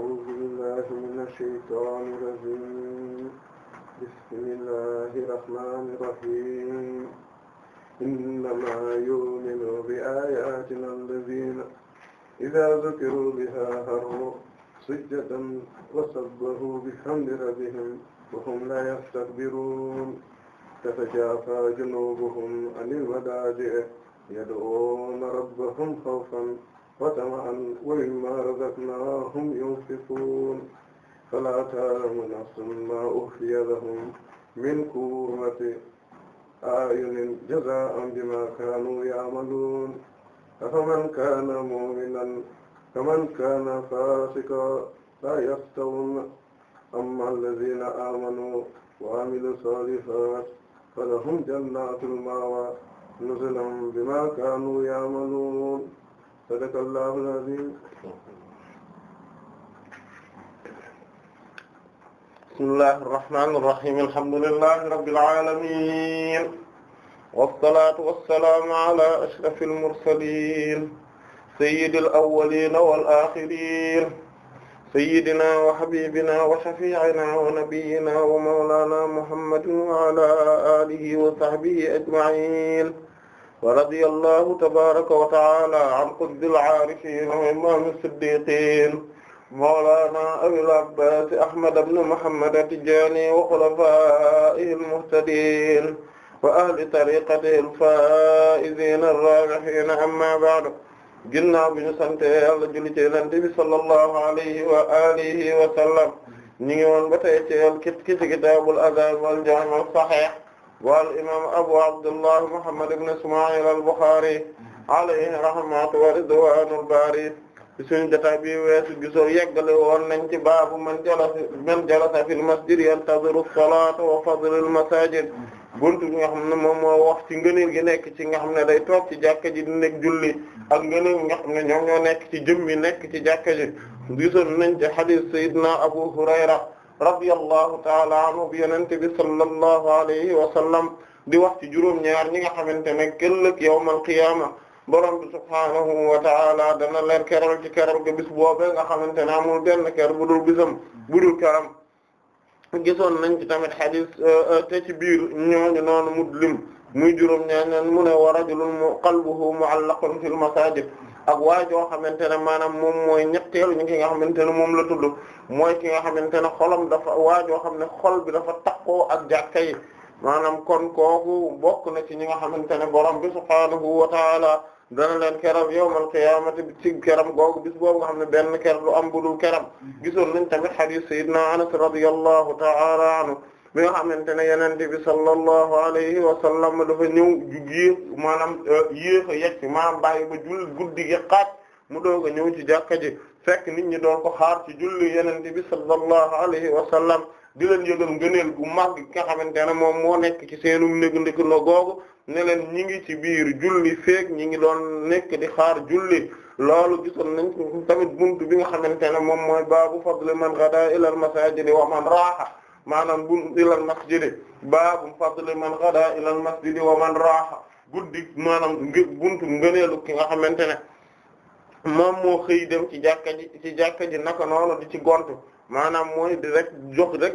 أعوذ بالله من الشيطان الرجيم بسم الله الرحمن الرحيم إنما يؤمن بآياتنا الذين إذا ذكروا بها خروا سجدا وسبحوا بحمد ربهم وهم لا يستكبرون تتجافى جنوبهم عن المضاجع يدعون ربهم خوفا وطمعا ومما رزقناهم ينفقون فلا تعلم نفس ما أخفي لهم من قرة أعين جزاء بما كانوا يعملون أفمن كان مؤمنا كمن كان فاسقا لا يستوون أما الذين آمنوا وعملوا الصالحات فلهم جنات المأوى نزلا بما كانوا يعملون sadaqallahul azim bismillahir rahmanir rahim alhamdulillahi rabbil alamin wassalatu wassalamu ala ashrafil mursalin sayyidil awwalin wal akhirin sayyidina wa habibina wa shafi'ina wa nabiyyina wa mawlana muhammadin wa ala alihi wa sahbihi ajma'in wa radiyallahu tabaraka wa ta'ala an qutbil aarifin wa imam as-siddiqin mawlana abil abbas ahmad ibn muhammad at-tijani wa khulafa'ihi al-muhtadin wa ahli tariqatihi al-faa'izin ar-raabihin amma ba'du ginnaaw bi ñu sante Yàlla julli ci Yonent bi sallallahu alayhi wa alihi wa sallam ñu ngi woon ba tey ci al kit kit kitaabul adaan wal jaami' as-sahih wal imam abu abdullah muhammad ibn isma'il al-Bukhari alayhi rahmatu wa ridwanul bari suñu jotaay bi weesu gisoo yeggale woon nañ ci baabu man jalasa man jalasa fil masjid yantaziru salata wa fadlul masajid buntu bi nga xam ne moom moo wax ci ngëneel gi nekk ci nga xam ne day toog ci jàkka ji di nekk julli ak ngëneel nga xam ne ñoom ñoo nekk ci jëmmi nekk ci jàkka ji gisoon nañ ci hadith sayyidina abu hurayra radiyallahu taala anhu bi yenente bi sallallahu alayhi wa sallam di wax ci juróom-ñaar ñi nga xamante ne këllëg yawmal qiyaama borom bi subhaanahu wa taala dana leen keral ci keral ga bis boobee nga xamante ne amul benn ker bu dul bisam bu dul keram gisoon nañ ci tamit xadis euh, euh, te ci biir ñooñu noonu mu lim muy juróom-ñaar ñan mu ne wa rajulun qalbuhu mu'allaqun fil masaajid ak waa joo xamante ne maanaam moom mooy ñetteelu ñi ki nga xamante ne moom la tudd mooy ki nga xamante ne xolam dafa waa joo xam ne xol bi dafa takkoo ak jàkka yi maanaam kon kooku bokk na ci ñi nga xamante ne borom bi subhaanahu wa taala dana leen keram yawmal qiyaamati bi ci keram googu bis boobu nga xam ne benn ker lu am budul keram gisoon nañ tamit hadith sayyidina Anas radiyallahu ta'ala anhu bi nga xamante ne yenente bi sallallahu alayhi wa sallam dafa ñëw yéex maanaam euh, yéex a yegg maanaam bàyyi ba julli guddi gi xaaj mu doog a ñëw ci jàkka ji fekk nit ñi doon xaar ci julli yenente bi sallallahu alayhi wa sallam di leen yëgal ngëneel gu mag gi nga xamante ne moom moo nekk ci seenum néegu ndëkk na googu ne leen ñi ngi ci biir julli feek ñi ngi doon nekk di xaar julli loolu gisoon nañ tamit buntu bi nga xamante ne moom mooy baabu fadli man ghadaa ila al masajid wa man raaha maanaam bu ilal masjidi baabu fadli man xada ilal masjidi wa man raaxa guddi maanaam buntu ngëneelu ki nga xamante ne moom moo xëy dem ci jàkka ji ci jàkka ji naka noonu di ci gontu maanaam mooy di rek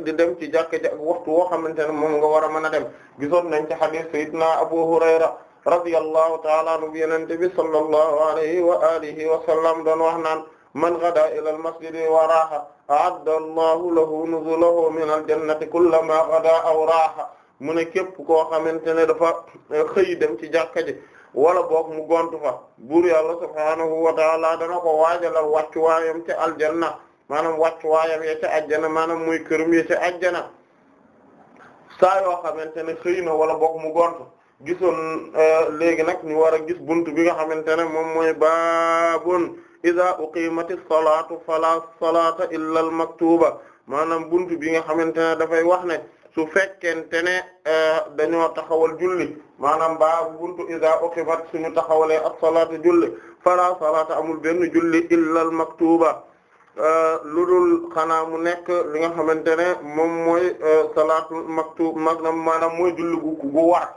di dem ci jàkka ji ak waxtu woo xamante ne moom nga war a mën a dem gisoon nañ ci hadith na Abu Hurayra radiyallahu ta'ala anhu bi yenente bi sallallahu alayhi wa alihi wa sallam doon wax man xada ilal masjidi wa raaxa a Allahu lahu nuzulahu min al-jannati kullamaa ghadaa aw mu ne képp koo xamante ne dafa eh, dem ci jàkka ji wala boog mu gont fa buur yàlla subhaanahu wa ta'aala dana ko waajalal wàccuwaayam ca aljanna maanaam wàccuwaayam ya ca ajjana maanaam muy kërum ya ci ajjana saa yoo xamante ne xëy na wala boog mu gontu gisoon eh, léegi nag ñu war a gis buntu bi nga xamante ne moom mooy baabun iza uqimatis salatu fala salata illa al maktuba maanaam buntu bi nga xamante ne dafay wax ne su fekkente ne eh, dañoo taxawal julli maanaam baabu buntu iza uqimat suñu taxawalee ak salaatu julli fala salaata amul benn julli illa al maktuba eh, lu dul xanaa mu nekk li nga xamante ne moom mooy eh, salaatu maktub maanaam maanaam mooy julli gu gu war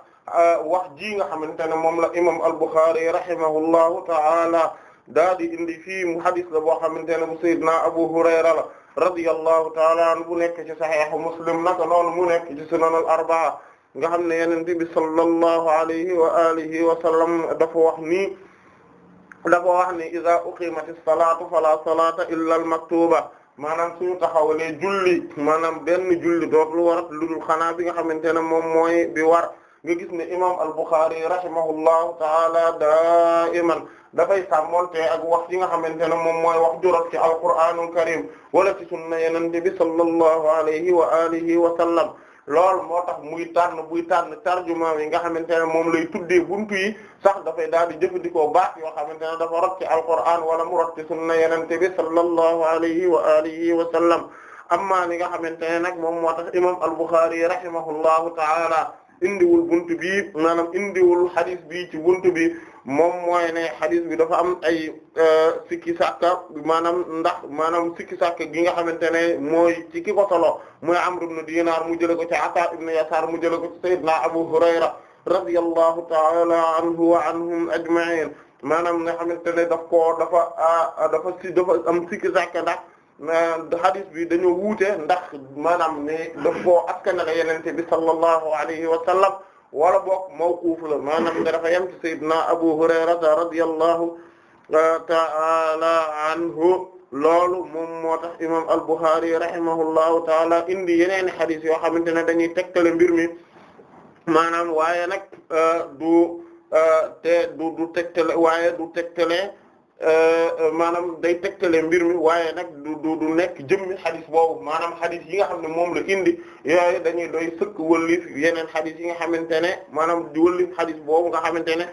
wax ji nga xamante ne moom la imam al-Bukhari rahimahullahu ta'ala daa di indi fii mu hadis la boo xamante ne bu sayyidina Abu Hurayra la radiyallahu ta'ala anhu bu nekk ci sahih Muslim naka noonu mu nekk ci sunan al arbaa nga xam ne yenente bi sallallahu alayhi wa alihi wa sallam dafa wax nii dafa wax ni iza uqimatis salatu fala salata illa al maktuba maanaam suñu taxawalee julli maanaam benn julli dootul warat lu dul xanaa bi nga xamante ne moom mooy bi war nga gis ne imam al Bukhari rahimahullahu ta'ala daiman dafay sàmmonte ak wax yi nga xamante ne moom mooy wax jurot ci alquraanul karim wala ci sunna yenente bi sallallahu alayhi wa alihi wa sallam lool moo tax muy tànn buy tànn tarjuma yi nga xamante ne moom lay tuddee buntu yi sax dafay daal di jëfandikoo baax yoo xamante ne dafa rot ci alquraan wala mu rot ci sunna yenente bi sallallahu alayhi wa alihi wa sallam amma li nga xamante ne nag moom moo tax imam al-Bukhari rahimahullahu ta'ala indiwul buntu bi maanaam indiwul hadith bi ci buntu bi moom mooy ne xadis bi dafa am ay euh, sikki sàkka maanaam ndax maanaam sikki sàkka gi nga xamante ne mooy ci ki ko solo mooy Amr ibn Dinar mu jële ko ci Ata ibn Yasar mu jële ko ci Sayyidina Abu Hurayra radiyallahu ta'ala anhu wa anhum ajma'in maanaam nga xamante ne daf koo dafa ah, dafa si dafa am sikki sàkka ndax euh, xadis bi dañoo wuute ndax maanaam ne daf koo askanale yenente bi sallallahu alayhi wa sallam wala boog mawquuf la maanaam ne dafa yem ci na Abu Hurayrata radiyallahu uh, ta'ala anhu loolu moom moo tax imam al-Bukhari rahimahullahu taala indi yeneen xadis yoo xamante ne dañuy tegtale mbir mi maanaam waaye nag uh, du uh, te du du tegtale waaye du tegtale Euh, euh, maanaam day tegtale mbir mi waaye nag du du nekk jëmmi xadis boobu maanaam xadis yi nga xam ne moom la indi yooyu dañuy doy sëkk wëllif yeneen xadis yi nga xamante ne maanaam di wëllif xadis boobu nga xamante ne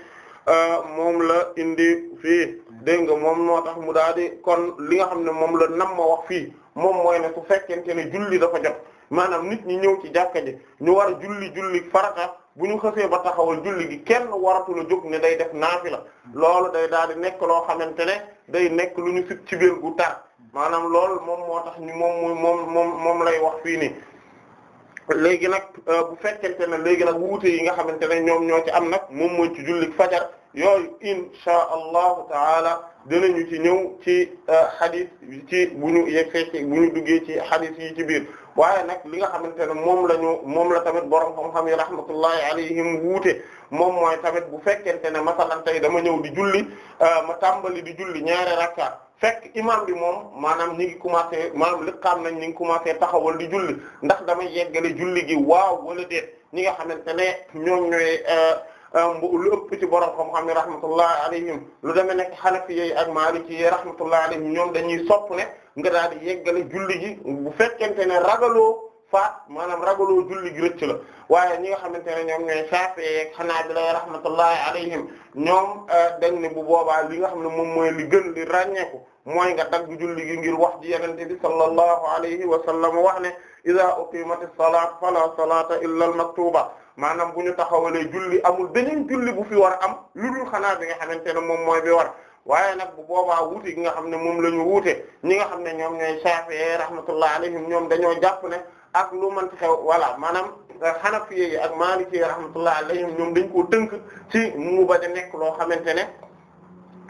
euh, moom la indi fii dégg nga moom noo tax mu daal di kon li nga xam ne moom la nam wax fii moom mooy ne su fekkente ne julli dafa jot maanaam nit ñi ñëw ci jàkka ji ñu war a julli julli farata bu ñu xësee ba taxawul julli gi kenn waratu la jóg ne day def naafila loolu day daal di nekk loo xamante ne day nekk lu ñu sit ci biir gu tar maanaam lool moom moo tax moom moom moom lay wax fii léegi nag euh, bu fekkente ne léegi nag wuute yi nga xamante ne ñoom ñoo ci am nag moom mooy ci jullik fajar yooyu inshaa allahu taala ñu ci ñëw ci hadith euh, ci bu ñu yeggee ci bu ñu duggee ci hadith yi ci biir waaye nag li nga xamante ne moom la ñu moom la tamit borom xam-xam yi rahmatullahi alayhim wuute moom mooy tamit bu fekkente ne masalan tey dama ñëw di julli euh, ma tàmbali di julli ñaari rakkaat fekk imam bi moom maanaam ñi ngi commencé maanaam liqaam nañ ñi ngi commencé taxawal di julli ndax damay yeggale julli gi waaw wala déet ñi nga xamante ne ñoom ñooy euh, euh, lu ëpp ci borom xam-xam ne rahmatullahi lu demee nekk xanafiyyi ak maaliki yi rahmatullahi alayhim ñoom dañuy sopp ne nga daal di yeggale gi bu fekkente ne ragaloo faat maanaam ragaloo julli gi la waaye ñi nga xamante ne ñoom ñooy Shafi'i ak Hanabila rahmatullahi alayhim ñoom euh, dañ ne bu boobaa li nga xam ne moom mooy li gën li ràññeeku mooy nga dagg julli gi ngir wax ji yenente bi sallallahu alayhi wa sallam wax ne iza uqimatis salaat fala salata illa al maktuba maanaam bu ñu taxawalee julli amul beneen julli bu fi war a am lu dul xanaa bi nga xamante ne moom mooy bi war waaye nag bu boobaa wuute gi nga xam ne moom la ñu wuute ñi nga xam ne ñoom ñooy Shafi'i rahmatullah alayhim ñoom dañoo jàpp ne ak lu mën xew voilà maanaam Hanafi yi ak Maliki rahmatullah alayhim ñoom dañ koo tënk ci mu ba da nekk loo xamante ne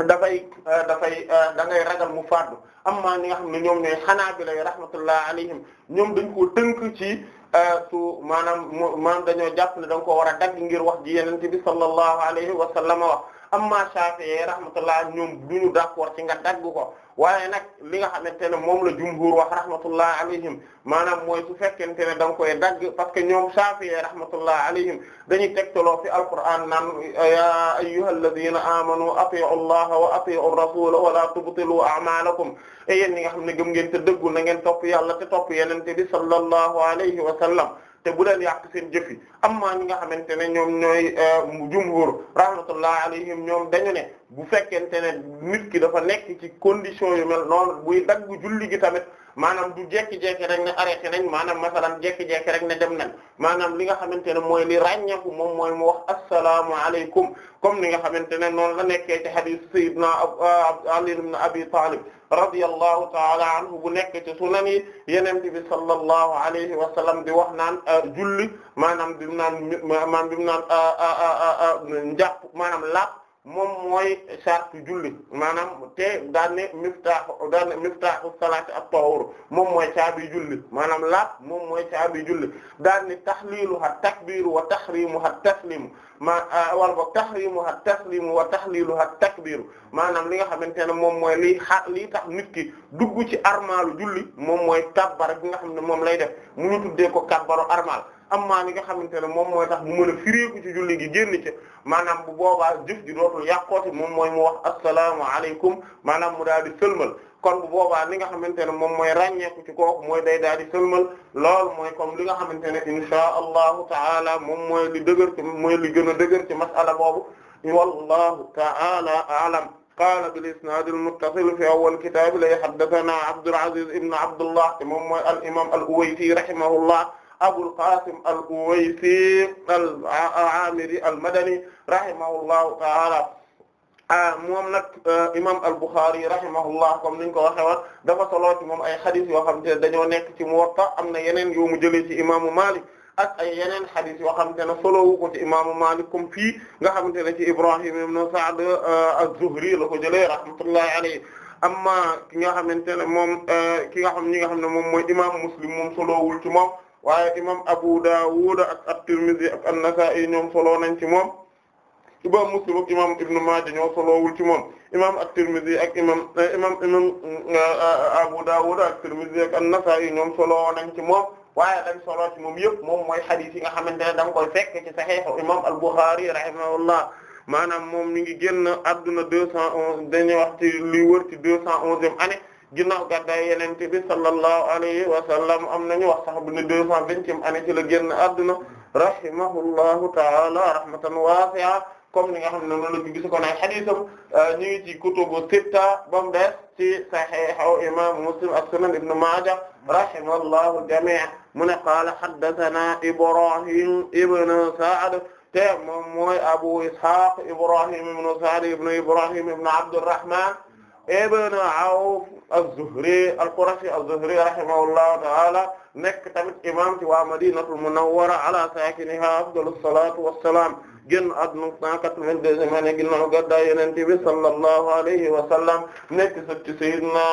dafay euh, dafay euh, da ngay ragal mu faddu amma ñi nga xam ne ñoom ñooy Hanaabila rahmatullah alayhim ñoom dañ koo tënk ci euh, su maanaam maanaam dañoo jàpp ne da nga koo war a dagg ngir wax ji Yonent bi sallallahu alayhi wa sallam wax amma Shafi'i rahmatullah ñoom duñu d'accord ci nga dagg ko waaye nag li nga xamante ne moom la jumhur wax rahmatullah alayhim maanaam mooy su fekkente ne da nga koy dagg parce que ñoom Shafi'i rahmatullah alayhim dañuy tegtaloo fi alquran naan ya ayyuhalladhina amanu ati'u allaha wa ati'u ar-rasula wa la tubtilu a'malakum e yéen ñi nga xam ne gëm ngeen te dëggu na ngeen topp yàlla te topp yenente bi sallallahu alayhi wa sallam te bu leen yàq seen jëf yi amma ñi nga xamante ne ñoom ñooy euh, jumhur rahmatullah alayhim ñoom dañu ne bu fekkente ne nit ki dafa nekk ci condition yu mel noon noonu buy dagg julli gi tamit maanaam du jekki-jekki rek ne arrêté nañ maanaam masalan jekki-jekki rek ne dem nañ maanaam li nga xamante ne mooy li ràññeeku moom mooy mu wax assalaamu aleykum comme ni nga xamante ne noonu la nekkee ci hadith sayyidna euh, na ibn Abi Talib radiyallahu taala anhu bu nekk ci sunan yi yeneen bi sallallahu alayhi wa sallam di wax naan euh, julli maanaam bi mu naan maanaam bi mu naan euh, euh, njàpp maanaam lapp moom mooy sartu julli maanaam te daan ne miftaahu daan ne miftaahu salaati at-tahur moom mooy caabi julli maanaam laap moom mooy caabi julli daan ne tahliluha takbiru wa tahrimuha taslimu ma wala boog tahrimuha taslimu wa tahliluha maanaam li nga xamante ne moom mooy li xa lii tax nit ki dugg ci armaalu julli moom mooy kabbara bi nga xam ne moom lay def mu ñu tuddee ko kabbaru armaal amma li nga xamante ne moom mooy tax mu mën ci julli gi génn ci maanaam bu boobaa jëf ji dootul yàqooti moom mooy mu wax salaam aleykum maanaam mu daal di sëlmal kon bu boobaa li nga xamante ne moom mooy ràññeeku ci kooku mooy day daal di sëlmal lool mooy comme li nga xamante ne inshaa allahu taala moom mooy li dëgër ci li gën a dëgër ci masala boobu wallahu taala aalam qaala bil isnaad al muttasil fi awwal kitaab li haddathanaa Abdul Aziz ibn Abdullah te moom mooy al imaam al Uwayti rahimahullah Abul Qasim al-Uwaysi al-Amiri al-Madani rahimahullahu ta'ala ah, moom nag eh, imam al-Bukhari rahimahullah comme niñ ko waxe woon dafa solo ci moom ay xadis yoo xam te dañoo nekk ci Muwatta am na yeneen yu mu jëlee ci imaamu Malik ak ay yoo xam te ne solowu ko ci imaamu Malik comme fii nga xamante ne ci Ibrahim ibn Sa'd eh, az-Zuhri la ko jëlee rahmatullahi alayhi amma ki nga xamante ne moom eh, ki nga xam ñi xam ne moom mooy imam Muslim moom solowul ci moom waaye imam Abu Dawud ak at-Tirmidhi ak an yi ñoom solo nañ ci moom imam Muslim ak imam Ibn Maaja ci moom imam at-Tirmidhi ak imam eh, imam imam eh, eh, Abu Dawud ak at-Tirmidhi ak an yi ñoom solo nañ ci moom waaye dañ solo ci moom yëpp moom mooy hadith yi nga xamante ne da nga koy fekk ci saxiixu imam al-Bukhari rahimahullah maanaam moom mi ngi génn adduna deux cent onze dañuy wax ci luy wër ci deux cent onzième année ginnaaw gàddaay yonent bi sallallahu alayhi wa sallam am nañu wax sax bu ne deux cent vingtième année ci la génn adduna rahimahullahu ta'ala rahmatan wasi'a comme ni nga xam ne noonu la ñu gis ko nay sitta ba mu des ci saxiixu imam Muslim ak sunan Ibn Maaja rahimahullahu jamii' mu ne qaala haddathana Ibrahim ibn Sa'd te moom mooy Abu Ishaq Ibrahim ibn Sa'd ibn Ibrahim ibn Abdurrahman ibn Awf az-Zuhri al-Qurashi az-Zuhri rahimahullahu ta'ala nekk tamit imam ci waa Madinatul Munawwara ala saakiniha afdalu salaatu wa salaam génn àdduna 182 ma ne ginnaaw gàddaay Yonent bi sallallahu alayhi wa sallam nekk ci sayyidina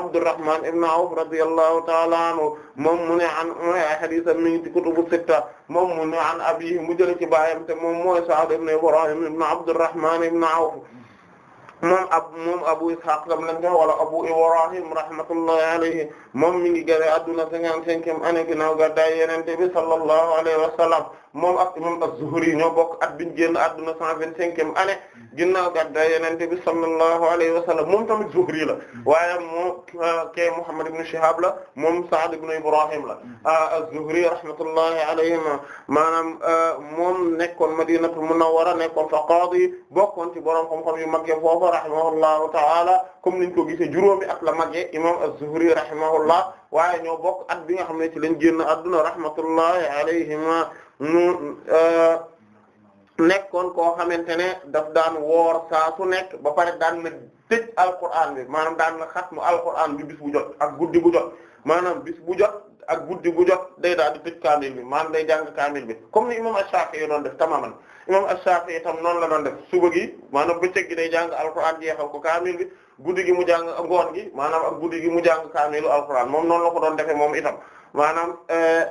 Abdurrahman ibn Awf radiyallahu ta'ala anhu moom mu ne an hadiisam mi ngi ci kutubu sitta moom mu ne an abiihi mu jël ci baayam te moom mooy Sa'd ibn Ibrahim ibn Abdurrahman ibn Awf moom ab moom Abu Ishaq lam lañ ko wala Abu Ibrahim rahmatullahi alayhi moom mi ngi génn adduna cinquante-cinquième année ginnaaw gàddaay Yonent bi sallallahu alayhi wa sallam moom ak imam az-Zuhri ñoo bokk at biñ génn àdduna cent vingt cinquième année ginnaaw yen Yonent bi sallallahu alayhi wa sallam moom tamit Zuhri la waaye moo ah, kay Muhammad ibn Shihab la moom Sa'd ibn Ibrahim la ah, az-Zuhri rahmatullahi alayhima maanaam ah, moom nekkoon Madinatul Munawwara nekkoon fa qaadi bokkoon ci borom xam-xam yu magge foofa rahimahullahu ta'ala comme niñ ko gisee juróomi at la magge imam az-Zuhri rahimahullah waaye ñoo bokk at bi nga xam ne ci lañ génn àdduna rahmatullahi alayhima mu euh, nekkoon koo xamante ne daf daan woor saa su nekk ba pare daan na tëj alquran bi maanaam daan na mu xatmu alquran bi bis jot ak guddi bu jot maanaam bis bu jot ak guddi bu jot day daal di tëj kaamil bi maanaam day jàng kaamil bi comme ni imam Ash-Shafi'i doon def tamaman imam Ash-Shafi'i tam noonu la doon def suba gi maanaam bëccëg gi day jàng alquran jeexal ko kaamil bi guddi gi mu jàng a ngoon gi maanaam ak guddi gi mu jàng kaamilu alquran moom noonu la ko doon defee moom itam maanaam. Euh,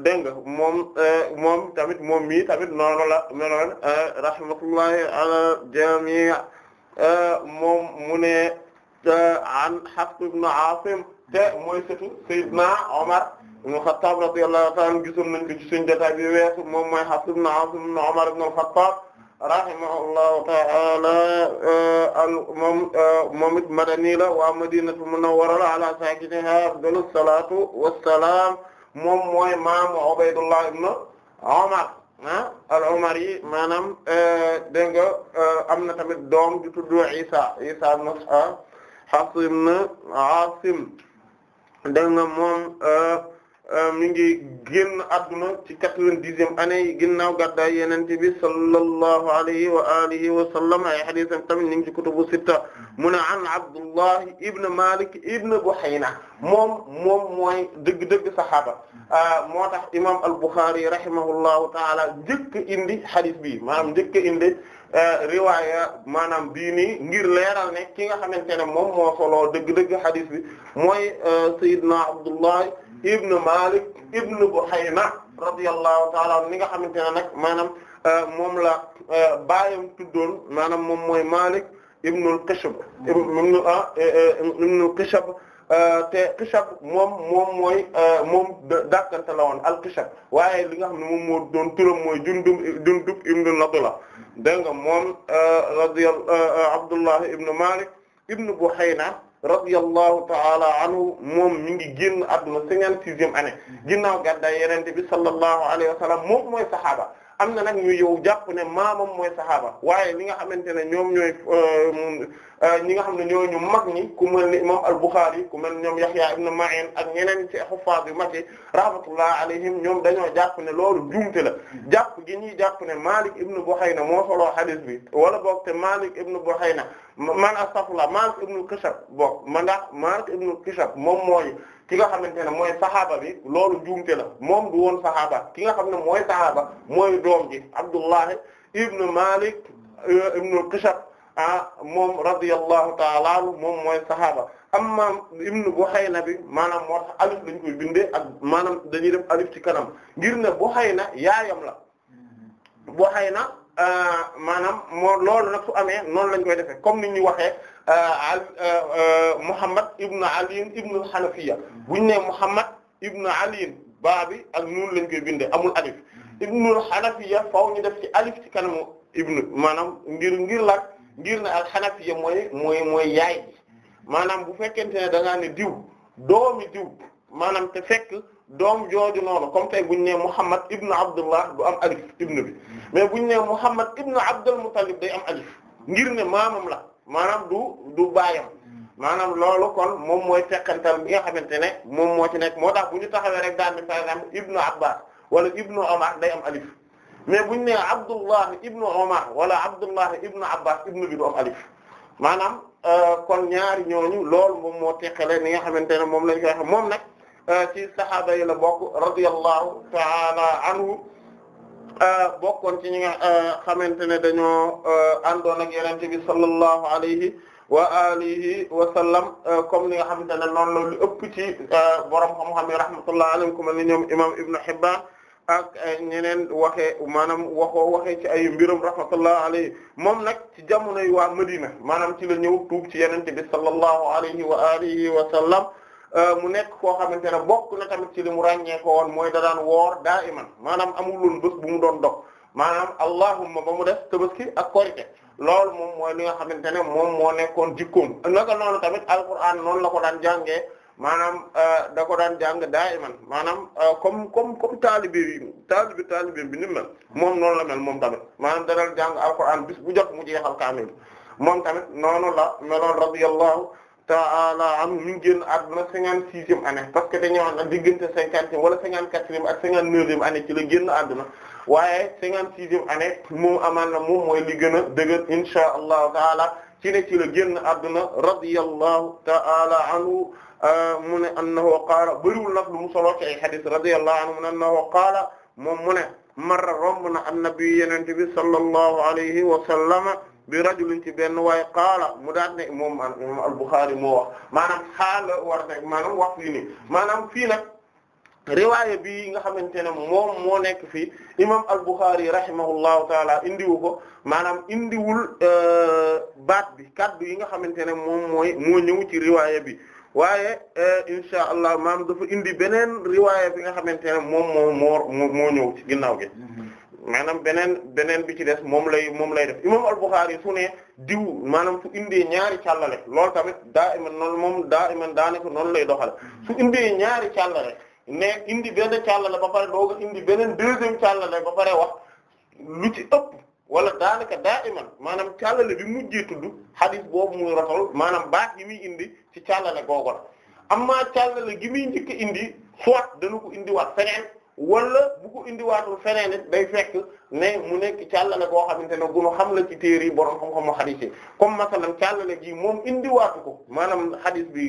dégg nga moom euh, moom tamit moom mii tamit noonu la meloon euh, rahmatullahi ala jamii euh, moom mu ne an Hafs ibn Asim te mooy sëtu Seydina Omar ibn Khattab radiyallahu ta'ala anhu gisoon nañ ko ci suñu jotaay bi weesu moom mooy Hafs ibn Asim ibn Omar ibn al-Khattab rahimahullahu ta'ala al moom moom it madani la waa Madinatu Munawwara ala saakinihaa afdalu salaatu wassalaam moom mooy maamu Ubaydullah ibn Umar ah al-Umari maanaam eh, dégg nga eh, am na tamit doom ju tudd Isa Isa ibn ah, Hafs ibn Asim dégg nga moom. Eh, Euh, mi ngi génn adduna ci quatre-vingt-dixième année ginnaaw gàddaay yonent bi sallallahu alayhi wa alihi wa sallam ay hadiisam tamit ñu ngi ci sitta mu ne an Abdullah ibn Malik ibn Buhayna moom moom mooy dëgg-dëgg saxaaba euh, moo tax imaam al-Bukhari rahimahullahu taala njëkk indi hadith bi maanaam njëkk indi. Euh, riwaaya maanaam bii nii ngir leeral ne ki nga xamante ne moom moo soloo dëgg-dëgg hadith bi mooy euh, Seydina Abdullah ibn Malik ibn Buhayna radiyallahu ta'ala anhu ni nga xamante ne nag maanaam euh, moom la baayam tuddoon maanaam moom mooy Malik ibn al-Qishab ibn al-Qishab ah, Euh, te Qishab moom moom mooy euh, moom dàkkante la woon al-Qishab waaye li nga xam ne moom moo doon turam mooy Jundub Jundub ibn Nadla dégg nga moom euh, radiyallahu Abdullah ibn Malik ibn Buhayna radiyallahu ta'ala anhu moom mi ngi génn àdduna cinquante-sixième année ginnaaw gàddaay Yonent bi sallallahu alayhi wa sallam moom mooy saxaaba am na nag ñu yow jàpp ne maamam mooy saxaaba waaye li nga xamante ne ñoom ñooy euh, ñi nga xam ne ñooy ñu mag ñi ku mel ni imam al ku mel ñoom Yahya ibn Ma'in ak ñeneen ci xuffaaz yu mag yi rahmatullah alayhim ñoom dañoo jàpp ne loolu juumte la jàpp gi ñuy jàpp ne Malik ibn Buhayna moo soloo hadis bi wala book te Malik ibn Buhayna man astaghfirullah Malik ibn Kishab boog man ndax Malik ibn Kishab moom mooy ki nga xamante ne mooy saxaaba bi loolu njuumte la moom du woon saxaaba ki nga xam ne mooy saxaaba mooy doom ji Abdullahi ibnu Malik euh, ibnu Qishab ah moom radiyallahu ta'ala anhu moom mooy saxaaba amma ibnu Buhayna bi maanaam moo tax alif lañ koy bindee ak maanaam dañuy def alif ci kanam ngir ne Buhayna yaayam la mm-hmm. Buhayna Euh, maanaam moo loolu nag su amee noonu lañ koy defee comme ni ñu waxee euh, euh, Muhammad ibn Ali ibn al-Hanafiya buñ ne Muhammad ibn Ali baa bi ak nuun lañ koy bindee amul alif ibn al-Hanafiya faaw ñu def ci alif ci kanamu ibnu maanaam ngir ngir laaj ngir ne al-Hanafiya mooy mooy yaay bi maanaam bu fekkente ne da ngaa ne diw doomi diw maanaam te fekk doom jooju noonu comme tey buñ ne Muhammad ibn Abdullah du am alif ibn bi mais bu ñu nee Muhammad ibn Abdul Muttalib day am alif ngir ne maamam la maanaam du du baayam maanaam loolu kon moom mooy tekkantal bi nga xamante ne moom moo ci nekk moo tax bu ñu taxawee rek daal di par exemple ibnu Abbas wala ibnu Omar day am alif mais bu ñu nee Abdullah ibnu Omar wala Abdullah ibnu Abbas ibnu bi du am alif maanaam euh, kon ñaari ñooñu loolu moom moo tekkale ni nga xamante ne moom lañ koy wax moom nag euh, ci saxaaba yi la bokk radiyallahu ta'ala anhu Euh, bokkoon ci ñi nga euh, xamante ne dañoo euh, àndoon ak yenente bi sallallahu alayhi wa alihi wa sallam comme ni xam xamante ne noonu la lu ëpp ci borom xam-xam yi rahmatullahi alayhim ku mel ni ñoom imam Ibn Hibban ak ñeneen waxee maanaam waxoo waxee ci ay mbirum rahmatullahi alayhi moom nag ci jamonoy waa Madina maanaam ci la ñëw tuub ci yenente bi sallallahu alayhi wa alihi wa sallam Euh, mu nekk koo xamante ne bokk na tamit ci li mu ràññee woon mooy da daan woor daa iman maanaam amul woon bés bu mu doon dog maanaam allahumma ba mu def tabaski ak korite loolu moom mooy li nga xamante ne moom moo nekkoon jikkoom naka noonu tamit alquran noonu la ko daan jàngee maanaam euh, da ko daan jàng daa iman maanaam euh, comme comme comme taalibe yi taalibe taalibe bi ni mel moom noonu la mel moom tamit maanaam da daan jàng alquran bis bu jot mu jeexal kaamil moom tamit noonu la meloon radiyallahu ta'ala anhu mi ngi génn àdduna cinquante-sixième année parce que dañoo wax diggante cinquantième wala cinquante-quatrième ak cinquante-neuvième année ci la génn àdduna waaye cinquante-sixième année moom amaan na moom mooy li gën a dëgër inshaa allahu taala ci ne ci la génn àdduna radiyallahu ta'ala anhu euh, mu ne annahu qaala bariwul nag lu mu solo ci ay hadith radiyallahu anhu mu ne annahu qaala moom mu ne marra romb na annabi yenente bi sallallahu alayhi wa bi rajulin ci benn waaye qaala mu daat ne moom moom al-Bukhari moo wax maanaam xaala war rek maanaam wax fii nii maanaam fii nag riwaaya bi nga xamante ne moom moo nekk fii imam al-Bukhari rahimahullahu taala indiwu ko maanaam indiwul euh, baat bi kaddu yi nga xamante ne moom mooy moo ñëw ci riwaaya bi waaye euh, insha allah maam dafa indi beneen riwaaya bi nga xamante ne moom moo moo moo ñëw ci ginnaaw gi maanaam beneen beneen bi ci des moom lay moom lay def imam al-Bukhari fu ne diw maanaam su indee ñaari càllale loolu tamit daa iman noonu moom daa iman daanaka noonu lay doxal hmm. su indee ñaari càllale ne indi benn càllale ba pare dooga indi beneen deuxième càllale ba pare wax lu ci ëpp wala daanaka daa iman maanaam càllale bi mujjee tudd hadith boobu muy rotol maanaam baat gi muy indi ci càllale googu la amma càllale gi muy njëkk indi soit dana ko indiwaat feneen wala bu ko indiwaatul feneen it day fekk ne mu nekk càllale boo xamante ne gunu xam la ci téere yi borom xam-xamu xadis yi comme masalan càllale gi moom indiwaatu ko maanaam xadis bi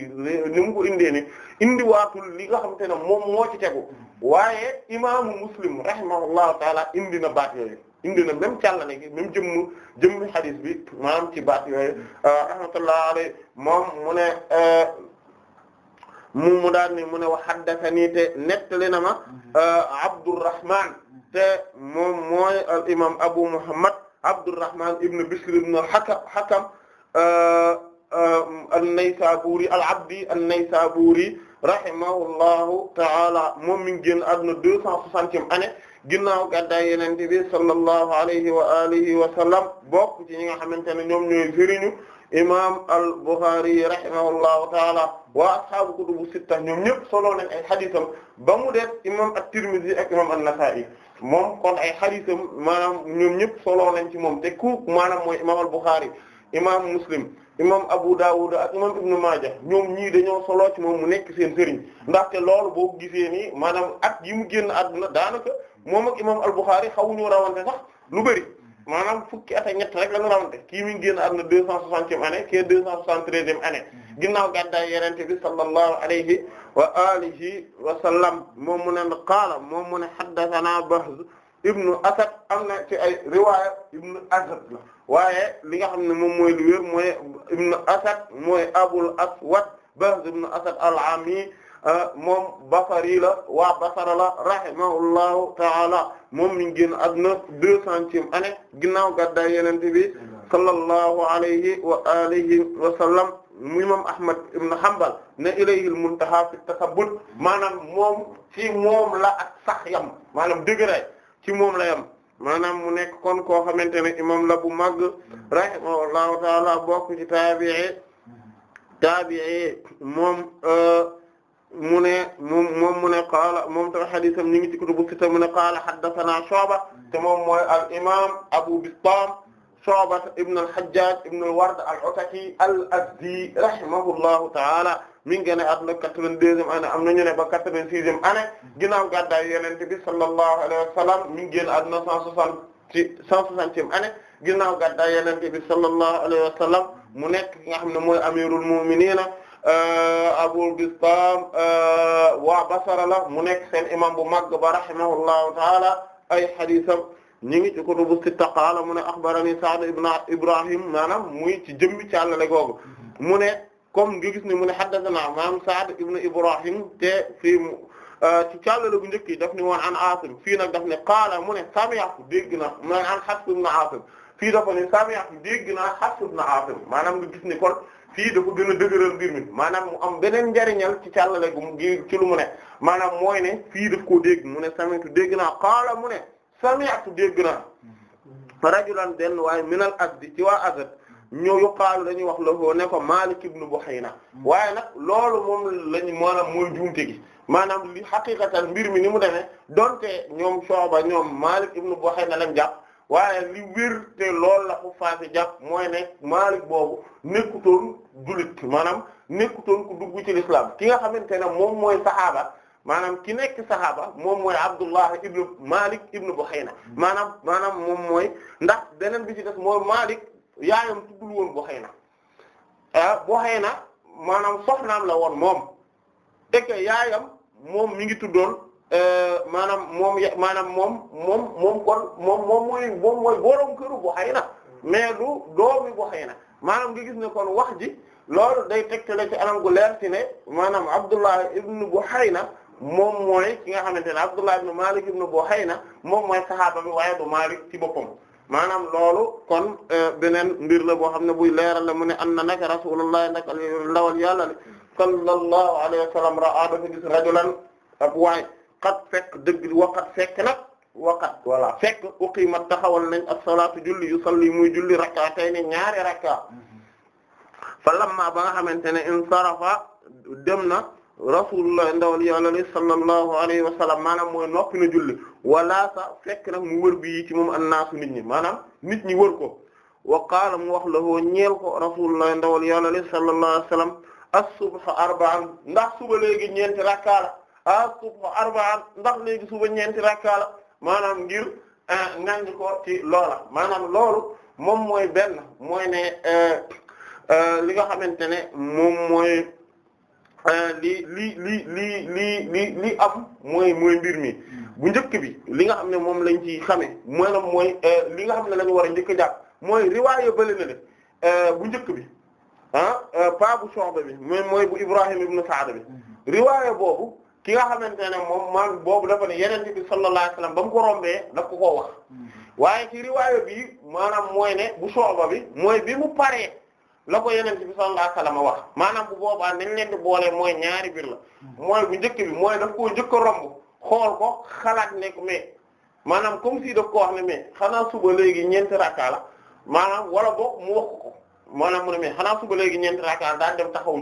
ni mu ko indee ne indiwaatul li nga xamante ne moom moo ci tegu waaye imaamu muslim rahimahullahu taala indi na baat yooyu indi na même càllale gi même jëmm jëmmi bi maanaam ci baat yooyu mm. rahmatullah alayhi moom mu ne euh, mu mu daal ni mu ne wax wa haddathani te nettali na ma mhm. euh, Abdurrahman te moom mooy al imam Abu Muhammad Abdurrahman ibn Bishr ibn al-Hakam euh, euh, an-Naysaburi al-Abdi an-Naysaburi rahimahullahu ta'ala moom mi ngi génn àdduna deux cent soixantième année ginnaaw gàddaay Yonent bi sallallahu alayhi wa alihi wa sallam bokk ci ñi nga xamante ne ñoom ñooy sëriñu imam al-Bukhari rahimahullahu taala wa ashaabu kutubu sitta ñoom ñëpp solo nañ ay xadisam ba mu def imam at-Tirmidhi ak imam an-Nasa'i moom kon ay xadisam maanaam ñoom ñëpp solo nañ ci moom te ku maanaam mooy imam al-Bukhari imam Muslim imam Abu Dawud ak imam Ibn Maaja ñoom ñii dañoo solo ci moom mu nekk seen sëriñ ndaxte loolu boo gisee nii maanaam at yi mu génn àdduna daanaka moom ak imam al-Bukhari xawuñu rawante sax lu bëri maanaam fukki at ak ñett rek la ñu rawante kii mi ngi génn àdduna deux cent soixantième année kii deux cent soixante-treizième année ginnaaw gàddaay yenente bi sallallahu alayhi wa alihi wa sallam moom mu ne qaala moom mu ne haddathana Bahz ibnu Asad am na ci ay riwaaya ibnu Asad la waaye li nga xam ne moom mooy lu wér mooy ibnu Asad mooy Abul Aswad Bahz ibnu Asad al-Ami moom Basri la waa Basra la rahimahullahu ta'ala moom mi ngi génn àdduna deux centième année ginnaaw gàddaay yenente bi sallallahu alayhi wa alihi wa sallam mu imam ahmad ibn hanbal ne ilayhil muntaha fi tasabbut maanaam moom ci moom la ak sax yam maanaam dëgëraay ci moom la yam maanaam mu nekk kon koo xamante ne imam la bu màgg rahimahullahu taala bokk ci taabi'i moom euh, mu ne moom moom mu ne qaala moom tamit xadisam ñu ngi ci kutubu sitta mu ne qaala haddathana Shu'ba te moom mooy al imam Abu Bistam Shu'ba ibn al-Hajjaj ibn al-Ward al-Ataki al-Azdi rahimahullahu ta'ala mi ngi génne àdduna 82e année am nañu ne ba 86e année ginnaaw gàddaay Yonent bi sallallahu alayhi wa sallam mi ngi génne àdduna 160 ci 160e année ginnaaw gàddaay Yonent bi sallallahu alayhi wa sallam mu nekk ki nga xam ne mooy amirul mu'minina Euh, Abu Bistaam euh, waa Basra la mu nekk seen imam bu mag ba rahimahullahu taala ay hadiisam ñi ngi ci kutubu sitta qaala mu ne axbarani Sa'd ibn Ibrahim maanaam muy ci jëmmi ci àllale googu mu ne comme nga gis ne mu ne haddathana maanaam Sa'd ibn Ibrahim te fii mu euh, ci càllale bu njëkk yi daf ni woon an Aasim fii nag daf ne qaala mu ne sami'tu dégg na mu ne an Hafs ibn Aasim fii dafa ne sami'tu dégg naa Hafs ibn Aasim maanaam nga gis ni kon fii dafa gën a dëgëral mbir mi maanaam mu am beneen njariñal ci càllale gu mu gi ci lu mu ne maanaam mooy ne fii daf ko dégg mu ne sami'tu dégg naa qaala mu ne sami'tu dégg naa rajulan denn waaye minal asdi ci waa asad ñoo yuqaalu dañuy wax lafoo ne ko Maalik ibn Buhayna waaye nag loolu moom lañ maanaam mooy juumte gi maanaam li xaqiqatan mbir mi ni mu demee donte ñoom Shu'ba ñoom Maalik ibn Buhayna lañ jàpp waaye li wér te loolu la ko faase jàpp mooy ne Maalik boobu jullit maanaam nekkutoon ku dugg ci l'islam ki nga xamante ne moom mooy saxaaba maanaam ki nekk saxaaba moom mooy Abdullah ibnu Malik ibnu Buhayna hmm. maanaam maanaam moom mooy ndax beneen bi ci des mooy Malik yaayam tuddul woon Buhayna ah Buhayna maanaam soxnaam la woon moom tek yaayam moom mi ngi tuddoon eh, maanaam moom maanaam moom moom moom kon moom moom mooy moom mooy borom këru Buhayna hmm. mais du doomi Buhayna maanaam nga gis ne kon wax ji loolu day tegtale ci anam gu leer ci ne maanaam Abdullah ibn Buhayna moom mooy ki nga xamante ne Abdullah ibn Malik ibn Buhayna moom mooy saxaaba bi waaye du Malik ci boppam maanaam loolu kon euh, beneen mbir la boo xam ne buy leeral la mu ne an na nag Rasulullah nag ndawal yàlla ne sallallahu alayhi wa sallam ra dafa gis rajulan ak waay xat fekk dëgg waxat fekk nag waqat voilà fekk uqimat taxawal nañ as-salaatu julli yu salli muy julli rak'atayn ñaari rakka fa lamma ba nga xamante ne insarafa dem na rasulullah ndawal yàlla li sallallahu alayhi wa sallam maanaam mooy noppi na julli wala sa fekk nag mu wër bi ci moom annaasu nit ñi maanaam nit ñi wër ko wa qaala mu wax lahoo ñeel ko rasulullah ndawal yàlla li sallallahu alayhi wa sallam arba'an ndax suba léegi ñeenti rakka la as arba'an ndax léegi suba ñeenti maanaam ngir ngan euh, ko ci loola maanaam loolu moom mooy benn mooy ne euh, euh, li nga xamante ne moom mooy li li li li li li li am mooy mooy mbir mi bu njëkk bi li nga xam ne moom lañ ci xame mooy la li nga xam ne la ñu war a njëkk a jàpp mooy riwaaye bële na le bu njëkk bi ah pa bu Shu'ba bi mooy bu Ibrahim ibn Sa'd bi mm-hmm. riwaaye boobu ki nga xamante ne moom maa boobu dafa ne yeneen bi sallallahu alayhi wasallam ba mu ko rombee daf ko koo wax mm-hmm. waaye ci riwaayo bi maanaam mooy ne bu sooba bi mooy bi mu paree la ko yeneen bi sallallahu alayhi wasallam wax maanaam bu boobaa nañ leen di boolee mooy ñaari biir la mm-hmm. mooy bu njëkk bi mooy daf koo njëkk a romb xool ko xalaat ne ko mais maanaam kom si daf ko wax ne mais xanaa suba léegi ñeenti rakka la maanaam wala boo mu wax ko maanaam mu ne mais xanaa suba léegi ñeenti rakka la daan dem taxaw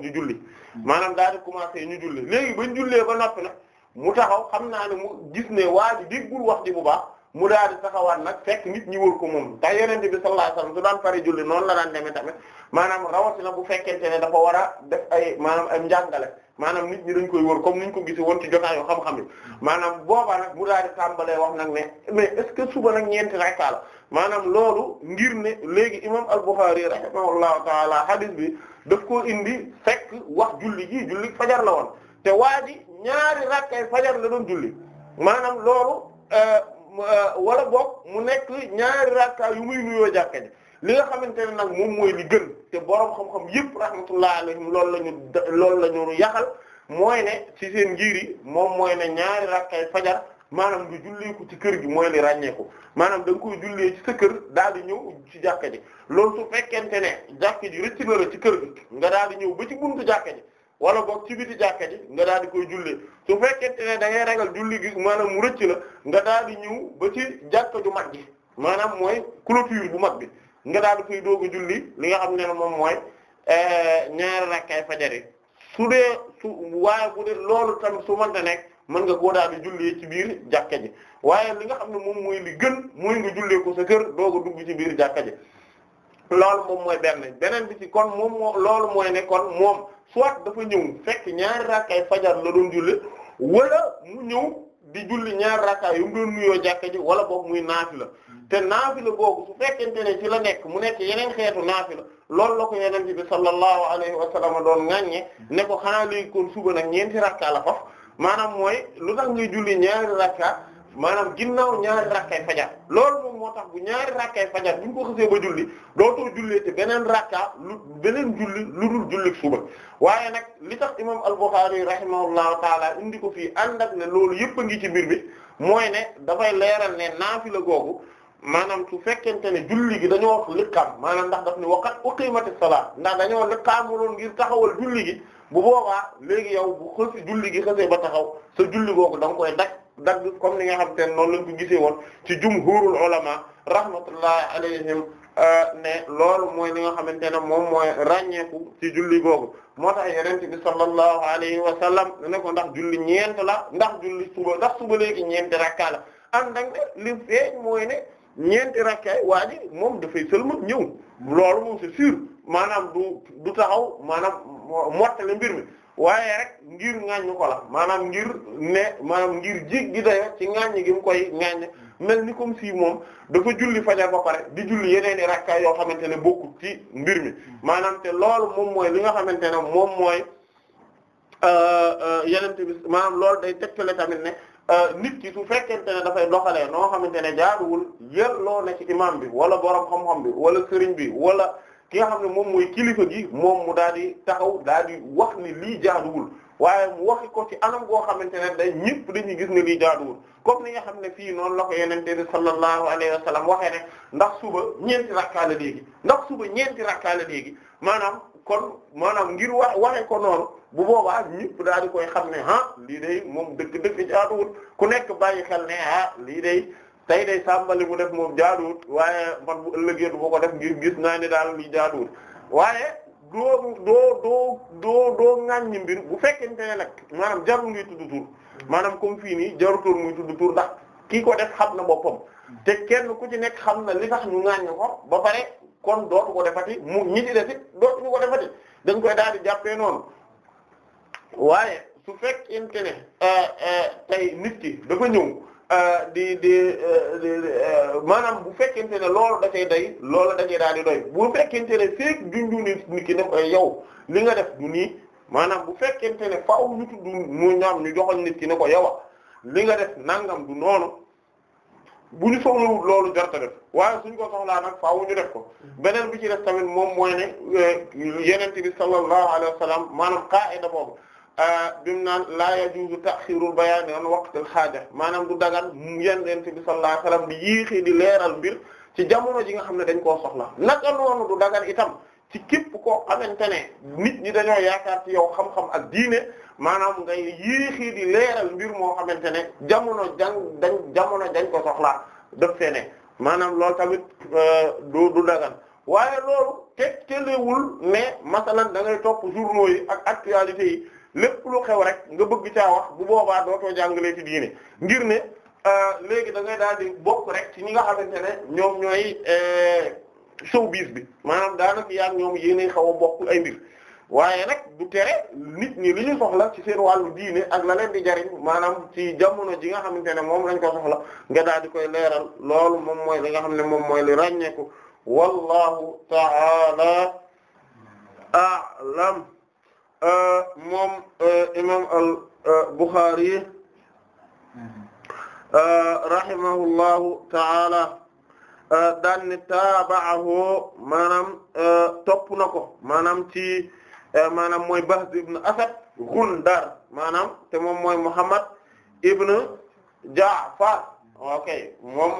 Hmm. maanaam daal di commencé ñu julli léegi bañ jullee ba noppi nag mu taxaw xam naa ne mu gis ne waa ji déggul wax ji bu baax mu daal di taxawaat nag fekk nit ñi wër ko moom te yonent bi sallallahu alayhi daan pare julli noonu la daan demee tamit maanaam rawatina bu fekkente ne dafa war a def ay maanaam ay njàngale maanaam nit ñi dañ koy wër comme niñ ko gisee woon ci jotaayoo xam-xam yi maanaam boobaa nag mu daal di tàmbalee wax nag ne mais est ce que suba nag ñeenti rakka la maanaam loolu ngir ne léegi imam al-Bukhari rahimahullahu taala hadith bi daf koo indi fekk wax julli ji julli fajar la woon te waa ji ñaari rakkay fajar la doon julli maanaam loolu euh, wala boog mu nekk ñaari rakka yu muy nuyoo jàkka ji li nga xamante ne nag moom mooy li gën te borom xam-xam yëpp rahmatullah alayhim lool lañu loolu la ñu yaxal mooy ne ci seen ngir moom mooy ne ñaari rakkay fajar maanaam nga jullee ko ci kër gi mooy li ràññeeku maanaam da nga koy jullee ci sa kër daal di ñëw ci jàkka ji lool su fekkente ne jàkka ji rëcc na ci kër gi nga daal di ñëw ba ci buntu jàkka ji wala boog ci biti jàkka ji nga daal di koy jullee su fekkente ne da ngay ragal julli gi maanaam mu rëcc la nga daal di ñëw ba ci jàkka ju mag ji maanaam mooy clôture bu mag bi nga daal di koy doog a julli li nga xam ne ne moom mooy eh, ñaari rakkay fajar yi su dee su waaye bu dee loolu tamit su mënta nekk mën nga koo daal di jullee ci biir jàkka ji waaye li nga xam ne moom mooy li gën mooy nga jullee ko sa kër doog a dugg ci biir jàkka ji loolu moom mooy benn beneen bi ci kon moom moo loolu mooy ne kon moom soit dafa ñëw fekk ñaari raakaay fajar la doon julli wala mu ñëw di julli ñaari raakaay yu mu doon nuyoo jàkka ji wala boog muy naafila te naafila boobu su fekkente ne ci la nekk mu nekk yeneen xeetu naafila loolu la ko yeneen bi sallallahu alayhi wa sallam doon ne ko xanaa léegi kon suba nag ñeenti la faf maanaam mooy lu tax ngay julli ñaari rakka maanaam ginnaaw ñaari rakkay fajar lool moom moo tax bu ñaari rakkay fajar bu ñu ko xasee ba julli dootoo jullee te beneen rakka lu beneen julli lu dul julli suba waaye nag li tax imam al-Bukhari rahimahullahu taala indi ko fii ànd ak ne loolu yëpp a ngi ci mbir bi mooy ne dafay leeral ne naafila googu maanaam su fekkente ne julli gi dañoo liqaam maanaam ndax daf ne waqat uqimatis salat ndax dañoo liqaamaloon ngir taxawal julli gi bu boobaa léegi yow bu xësi julli gi xësee ba taxaw sa julli googu da nga koy dagg dagg comme ni nga xam te noonu lañ ko gisee woon ci jumhurul ulama rahmatullahi alayhim euh, ne loolu mooy li nga xamante ne moom mooy ràññeeku ci julli googu moo tax yenente bi sallallahu alayhi wa sallam ne ko ndax julli ñeent la ndax julli suba ndax suba léegi ñeenti rakka am dang ne li feeñ mooy ne ñeenti rakkaay waa ji moom dafay sëlmat ñëw loolu moom c'est sûr maanaam du du taxaw maanaam mottale mbir mi waaye rek ngir ŋaññu ko la maanaam ngir ne maanaam ngir jéggi dayo ci ŋaññi gi mu koy ŋaññ mel ni comme si moom dafa julli fajar ba pare di julli yeneen i rakka yoo xamante ne bokkul ci mbir mi maanaam te loolu moom mooy li nga xamante ne moom mooy euh, euh, yeneen bi maanaam lool day tegtale tamit ne euh, nit ki su fekkente ne dafay doxalee noo xamante ne jaaduwul yelloo na ci imam bi wala borom xam-xam bi wala bi wala. ki nga xam ne moom mooy kilifa gi moom mu daal di taxaw daal di wax ni lii jaaduwul waaye mu waxi ko ci anam goo xamante ne day ñëpp dañu gis ne lii jaaduwul kom ni nga xam ne fii noonu la ko yenente bi sallallahu alayhi wa sallam waxee ne ndax suba ñeenti rakkaa la léegi ndax suba ñeenti rakkaa la léegi maanaam kon maanaam ngir wa waxe ko noonu bu boobaa ñëpp daal di koy xam ne ah lii day moom dëgg dëgg jaaduwul ku nekk bàyyi xel ne ah lii day tey day sàmbali mu def moom jaaduwut waaye man bu ëllëgee du ma ko def ngir gis naa ni daal li jaaduwut waaye doo doo doo doo doo ŋàññi mbir bu fekkente ne nag maanaam jarul ngay tudd maanaam comme fii nii jarutoon kii ko def xam na boppam te kenn ku ci nekk xam na li tax ñu ŋàññi ko ba pare kon dootu ko defati mu ñi de defi dootu ñu ko defati dañ koy daal di jàppee noonu waaye su fekkente ne eh, eh, tey nit ki dafa ñëw. Euh, di di euh, euh, maanaam bu fekkente ne loolu da cay day loolu da cay doy bu fekkente ne feek jundu nit nit ki def yow li nga def du nii maanaam bu fekkente ne faaw ñu mu ñaam ñu joxoon nit ki ne ko yowa li nga def nangam du noonu bu ñu soxlawul loolu jarta def waaye suñ ko soxlaa nag wu ñu def ko beneen bi ci def tamit moom mooy ne yenente bi sallallahu alayhi wa sallam maanaam qaida boobu bi mu naan laa yajuuzu taxiirul bayaan an waqtil xaaja maanaam du dagan mu yonent bi sallallahu alayhi wasallam di yéexee di leeral mbir ci jamono ji nga xam ne dañ koo soxla naka noonu du dagan itam ci képp koo xamante ne nit ñi dañoo yaakaar ci yow xam-xam ak diine maanaam ngay yéexee di leeral mbir moo xamante ne jamono jang dañ jamono dañ ko soxla def fee ne maanaam loolu tamit euh, du du dagan waaye loolu teg telewul ne masalan da ngay topp journaux yi ak yi. lépp lu xew rek nga bëgg caa wax bu boobaa dootoo jàngalee ci diine ngir ne euh, léegi da ngay daal di bokk rek ci ñi nga xamante ne ñoom ñooy euh, showbiz bi maanaam daanaka yaa ñoom yéenay xaw a bokk ay mbir waaye nag du tere nit ñi li ñu soxla ci seen wàllu diine ak la leen di jariñ maanaam ci jamono ji nga xamante ne moom lañ ko soxla nga daal di koy leeral loolu moom mooy li nga xam ne moom mooy li ràññeeku wallahu ta'ala a'lam Euh, moom euh, imam al-Bukhari euh, mhm. rahimahullahu ta'ala daan ne taaba'ahu maanaam topp na ko maanaam ci maanaam mooy Bahz ibn Asad Ghundar maanaam te moom mooy Muhammad ibn Ja'far ok moom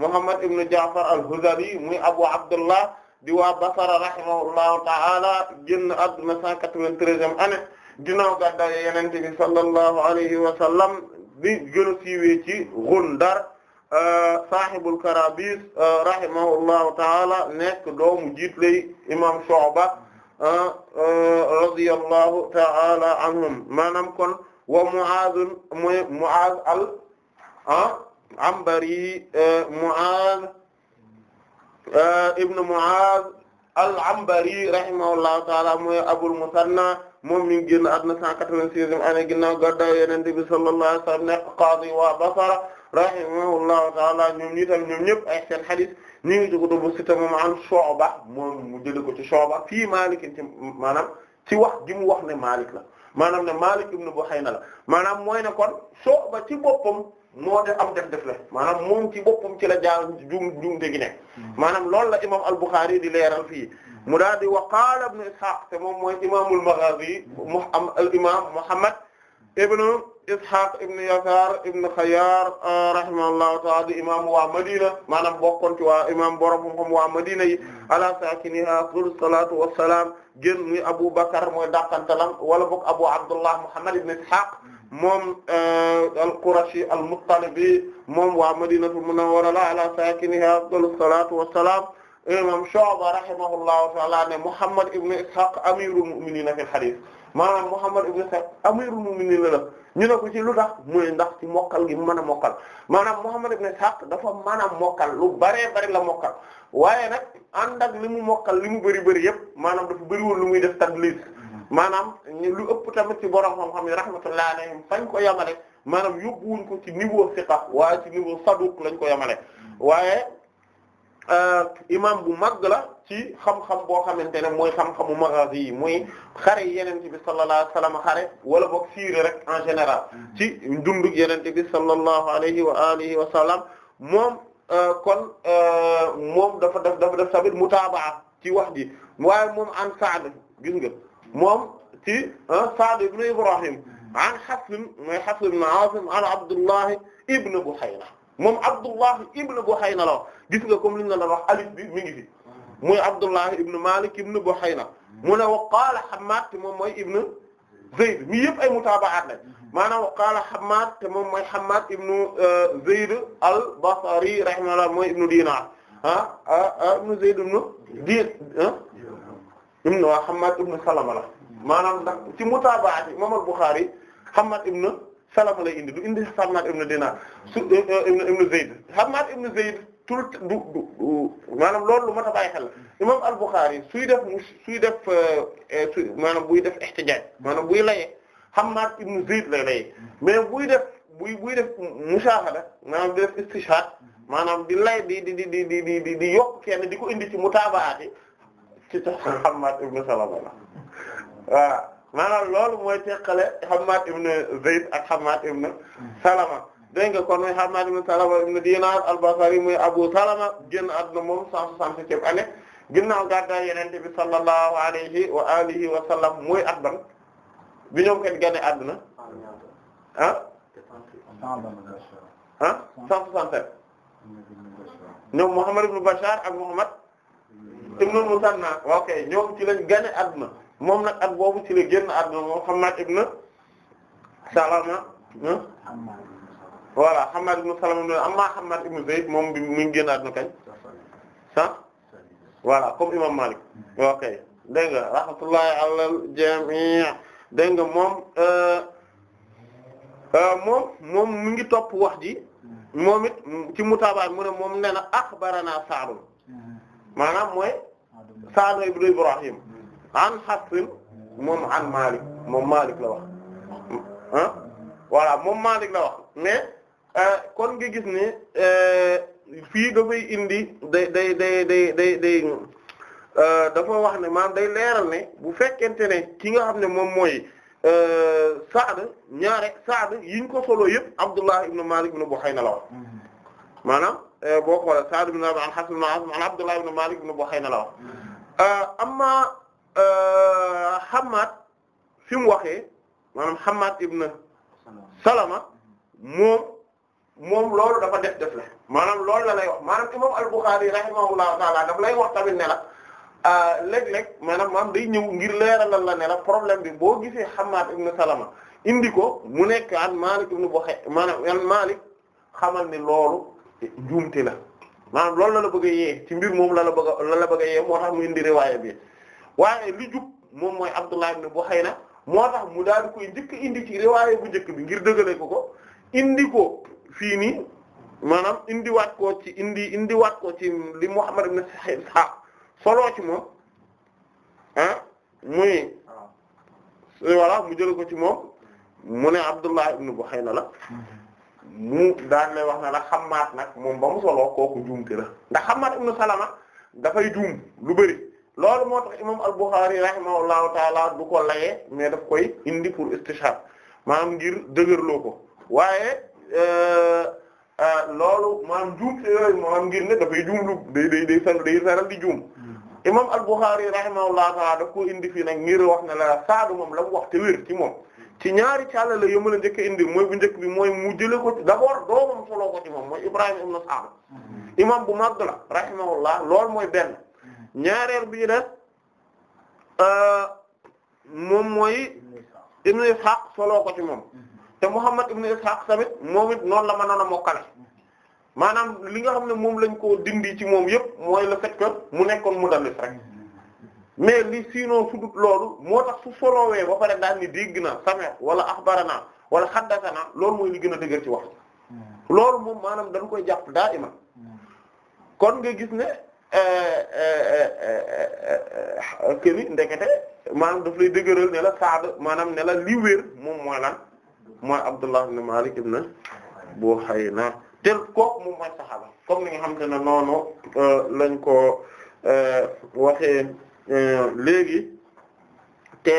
Muhammad ibn Ja'far al-Hudhali muy Abu Abdullah di waa Basra rahimahullahu ta'ala génn adduna 193e année ginnaaw gàddaay Yonent bi sallallahu alayhi wa sallam bi gën a siiwee ci Gundar euh, sahibul karabis euh, rahimahullahu ta'ala nekk doomu jiitlay imam Shu'ba euh, radiyallahu ta'ala anhum maanaam kon wa Mu'aaz mooy Mu'aaz al-Anbari ah, Mu'aaz Euh, ibn Mu'az al-Anbari rahimahullahu taala mooy Abul Musanna moom mi ngi génn àdduna 196e année ginnaaw gàddaay Yonent bi sallallahu alayhi wa sallam nekk qaadi waa Basra rahimahullahu taala ñoom ñi tam ñoom ñëpp ay seen hadith ñu ngi ci kutubu sitta moom an Shu'ba moom mu jëlee ko ci Shu'ba fii Maalik ci maanaam ci wax gi mu wax ne Maalik la maanaam ne Maalik ibn Buhayna la maanaam mooy ne kon Shu'ba ci boppam. moo de am def def la maanaam moom ci boppam ci la jaar juum juumte gi nekk hmm. maanaam loolu la imam al-Bukhari di leeral fii hmm. mu daal di wa qaala ibn Ishaq te moom mooy imamul Maghazi mu am al imam Muhammad ibn Ishaq ibn Yasar ibn Khayyar rahimahullahu ta'ala di imam waa Madina maanaam bokkoon ci waa imam borom xam waa Madina yi hmm. ala sakiniha afdalu salatu wassalam gën muy Abu Bakar mooy dàqantalam wala bokk Abu Abdullah Muhammad ibn Ishaq moom euh, al-Qurashi al-Muttalibi moom waa Madinatu Munawwara la ala saakiniha afdalu salaatu wa salaam imam Shu'ba rahimahullahu ta'ala ne Muhammad ibn Ishaq amirul mu'minina fil hadith maanaam Muhammad ibn Ishaq amirul mu'minina la ñu ne ko ci lu tax muy ndax ci mokkal gi mën a mokkal maanaam Muhammad ibn Ishaq dafa mën a mokkal lu baree bari la mokkal waaye nag ànd ak li mu mokkal li mu bëri bëri yëpp maanaam dafa bëri woon lu muy def tadlis maanaam lu ëpp tamit ci borom xam-xam yi alayhim fañ ko yamale maanaam yóbbuwuñ ko ci niveau siqa waaye ci niveau saduq lañ ko yamale waaye euh, imam bu mag la ci xam-xam boo xamante ne mooy xam mu magazi yi muy xare yeneen bi sallallahu alayhi wa sallam xare wala boog siire rek en ti ci dundu yeneen bi sallallahu alayhi wa alihi wa moom euh, kon euh, moom dafa def dafa def sabit mutaabaa ci wax ji waaye moom an Sa'd gis moom ci ah, Sa'd ibn Ibrahim an Hafs mooy Hafs ibn Aasim an Abdullah ibn Buhayna moom Abdullah ibn Buhayna la gis nga comme li ñu la wax alif bi mi ngi fi mooy Abdullah ibn Malik ibn Buhayna mu ne wa qaala Hammad te moom mooy ibn Zayd mi yëpp ay mutaabaat la maanaam wa qaala Hammad te moom mooy Hammad ibn euh, Zayd al-Basri rahimahullah mooy ibn Dinar ah, ah ah ibn Zayd ibn Dinar ah. ibn waa Hammad ibn Salama la maanaam ndax ci mutaabaati imam al-Bukhari Hammad ibn Salama lay indi du indi Hammad ibn Dinar su eh, eh, ibn ibn Zayd Hammad ibn Zayd tout du du maanaam loolu lu mat a bàyyi xel imam al-Bukhari suy def suy def eh, maanaam buy def ihtijaaj maanaam buy laye Hammad ibn Zayd lay laye mais buy def buy buy def mushahada maanaam di def istishhad maanaam di lay di di di di di di yokk kenn di ko indi ci mutaabaati ci cosaan Hammaad ibn Salama la voilà maanaam loolu mooy teqale Hammaad ibn Zayd ak Hammaad ibn Salama dégg nga kon muy Hammaad ibn Salama ibn Dinar al-Basri muy Abu Salama génn àdduna moom 167 année ginnaaw gàddaay Yonent bi sallallahu alayhi wa alihi wa sallam muy at ban bi ñoom kat gane àdduna ah ah 167 ñoom Muhammad ibn Bashar ak Muhammad ibnul Musanna ok ñoom ci lañ gane adduna moom nag at boobu ci la génn adduna moom Hammaad ibn Salama hmm? voilà Hammaad ibn Salama amma Hammaad ibn Zayd moom bi mu ngi génn adduna kañ ah voilà comme Malik ok dégg nga rahmatullahi alal jami' moom euh, euh, moom moom mu ngi topp wax ji moom it ci mutaabaa mu ne moom nee na axbarana Sa'd maanaam mooy Saadu ibnu Ibrahim an Xafsin moom an Malik moom Malik la wax ah moom Malik la wax mais euh, kon nga gis ne euh, fii dafay indi day day day day day day euh, dafa wax ne maanaam day leeral ne bu fekkente ne ki nga xam ne moom mooy Saad ñaare Saad yiñ ko solo yëpp Abdullah ibnu Malik ibnu Buhayna la wax mm-hmm. maanaam boo xoolee Sa'd ibn Abi an Hafs ibn Asim an Abdullah ibn Malik ibn Buhayna mm-hmm. euh, amma euh, Hammad fi mu waxee maanaam Hammad ibn Salama moom moom loolu dafa def def la maanaam loolu la lay wax maanaam imam al-Bukhari rahimahullahu daf lay wax tamit ne la euh, léeg-léeg maam day ñëw ngir leeralal la ne la problème bi boo gisee Hammad ibn Salama indi ko mu nekke an Malik ibn Buhayna maanaam an Malik xamal ni loolu njuumte la maanaam lool la la bëgg yee ci mbir moom la la bëgg a la a yee moo tax mu indi riwaaya bi waaye lu jub moom mooy Abdullah ibn Buhayna moo tax mu daal koy njëkk indi ci riwaaya bu njëkk bi ngir dëgale ko ko indi ko fii nii maanaam indiwaat ko ci indi indiwaat ko ci li Muhammad ibn Ishaq solo ci moom ah muy ah. voilà mu jël ko ci moom mu ne Abdullah ibn Buhayna la mm-hmm. mu daan lay wax na nag xamaat nag moom ba mu soloo kooku juumte la ndax Hammaad ibn Salama dafay juum lu bëri loolu moo tax imam al-Bukhari rahimahullahu taala du ko laye mais daf koy indi pour istishhad maam ngir dëgërloo ko waaye euh, euh, loolu maanaam juum yooyu maanaam ngir ne dafay juum lu day day day sal day saral di juum imam al-Bukhari rahimahullahu taala daf ko indi fii nag ngir wax ne la saadu moom la mu wax te wér ci moom ci ñaari càllale yo mën a njëkk indi mooy bu njëkk bi mooy mu jële ko d'abord doomam soloo ko ci moom mooy Ibrahim ibn Sa'd mm-hmm. imam bu màgg la rahimahullah loolu mooy benn mm-hmm. ñaareel bi def euh, moom mooy ibn Ishaq soloo ko ci moom mm-hmm. te Muhammad ibn Ishaq tamit moom it noonu la mënoon a mokkale maanaam li nga xam ne moom lañ koo dindi ci moom yëpp mooy le fait que mu nekkoon mudallis rek mais li sinon su dut loolu moo tax su solowee ba pare daal ni dégg na same wala axbarana wala xaddasana loolu mooy li gën a dëgër ci wax hmm. loolu moom maanaam dañ koy jàpp daa ima hmm. kon nga gis ne euh, euh, euh, këni ndekete maanaam daf lay dëgëral ne la saad maanaam ne la li wér moom mooy lan mooy Abdullah ibn Malik ibn Buhayna tel kooku moom mooy saxaaba comme ni xam te ne noonu lañ ko waxee Euh, léegi te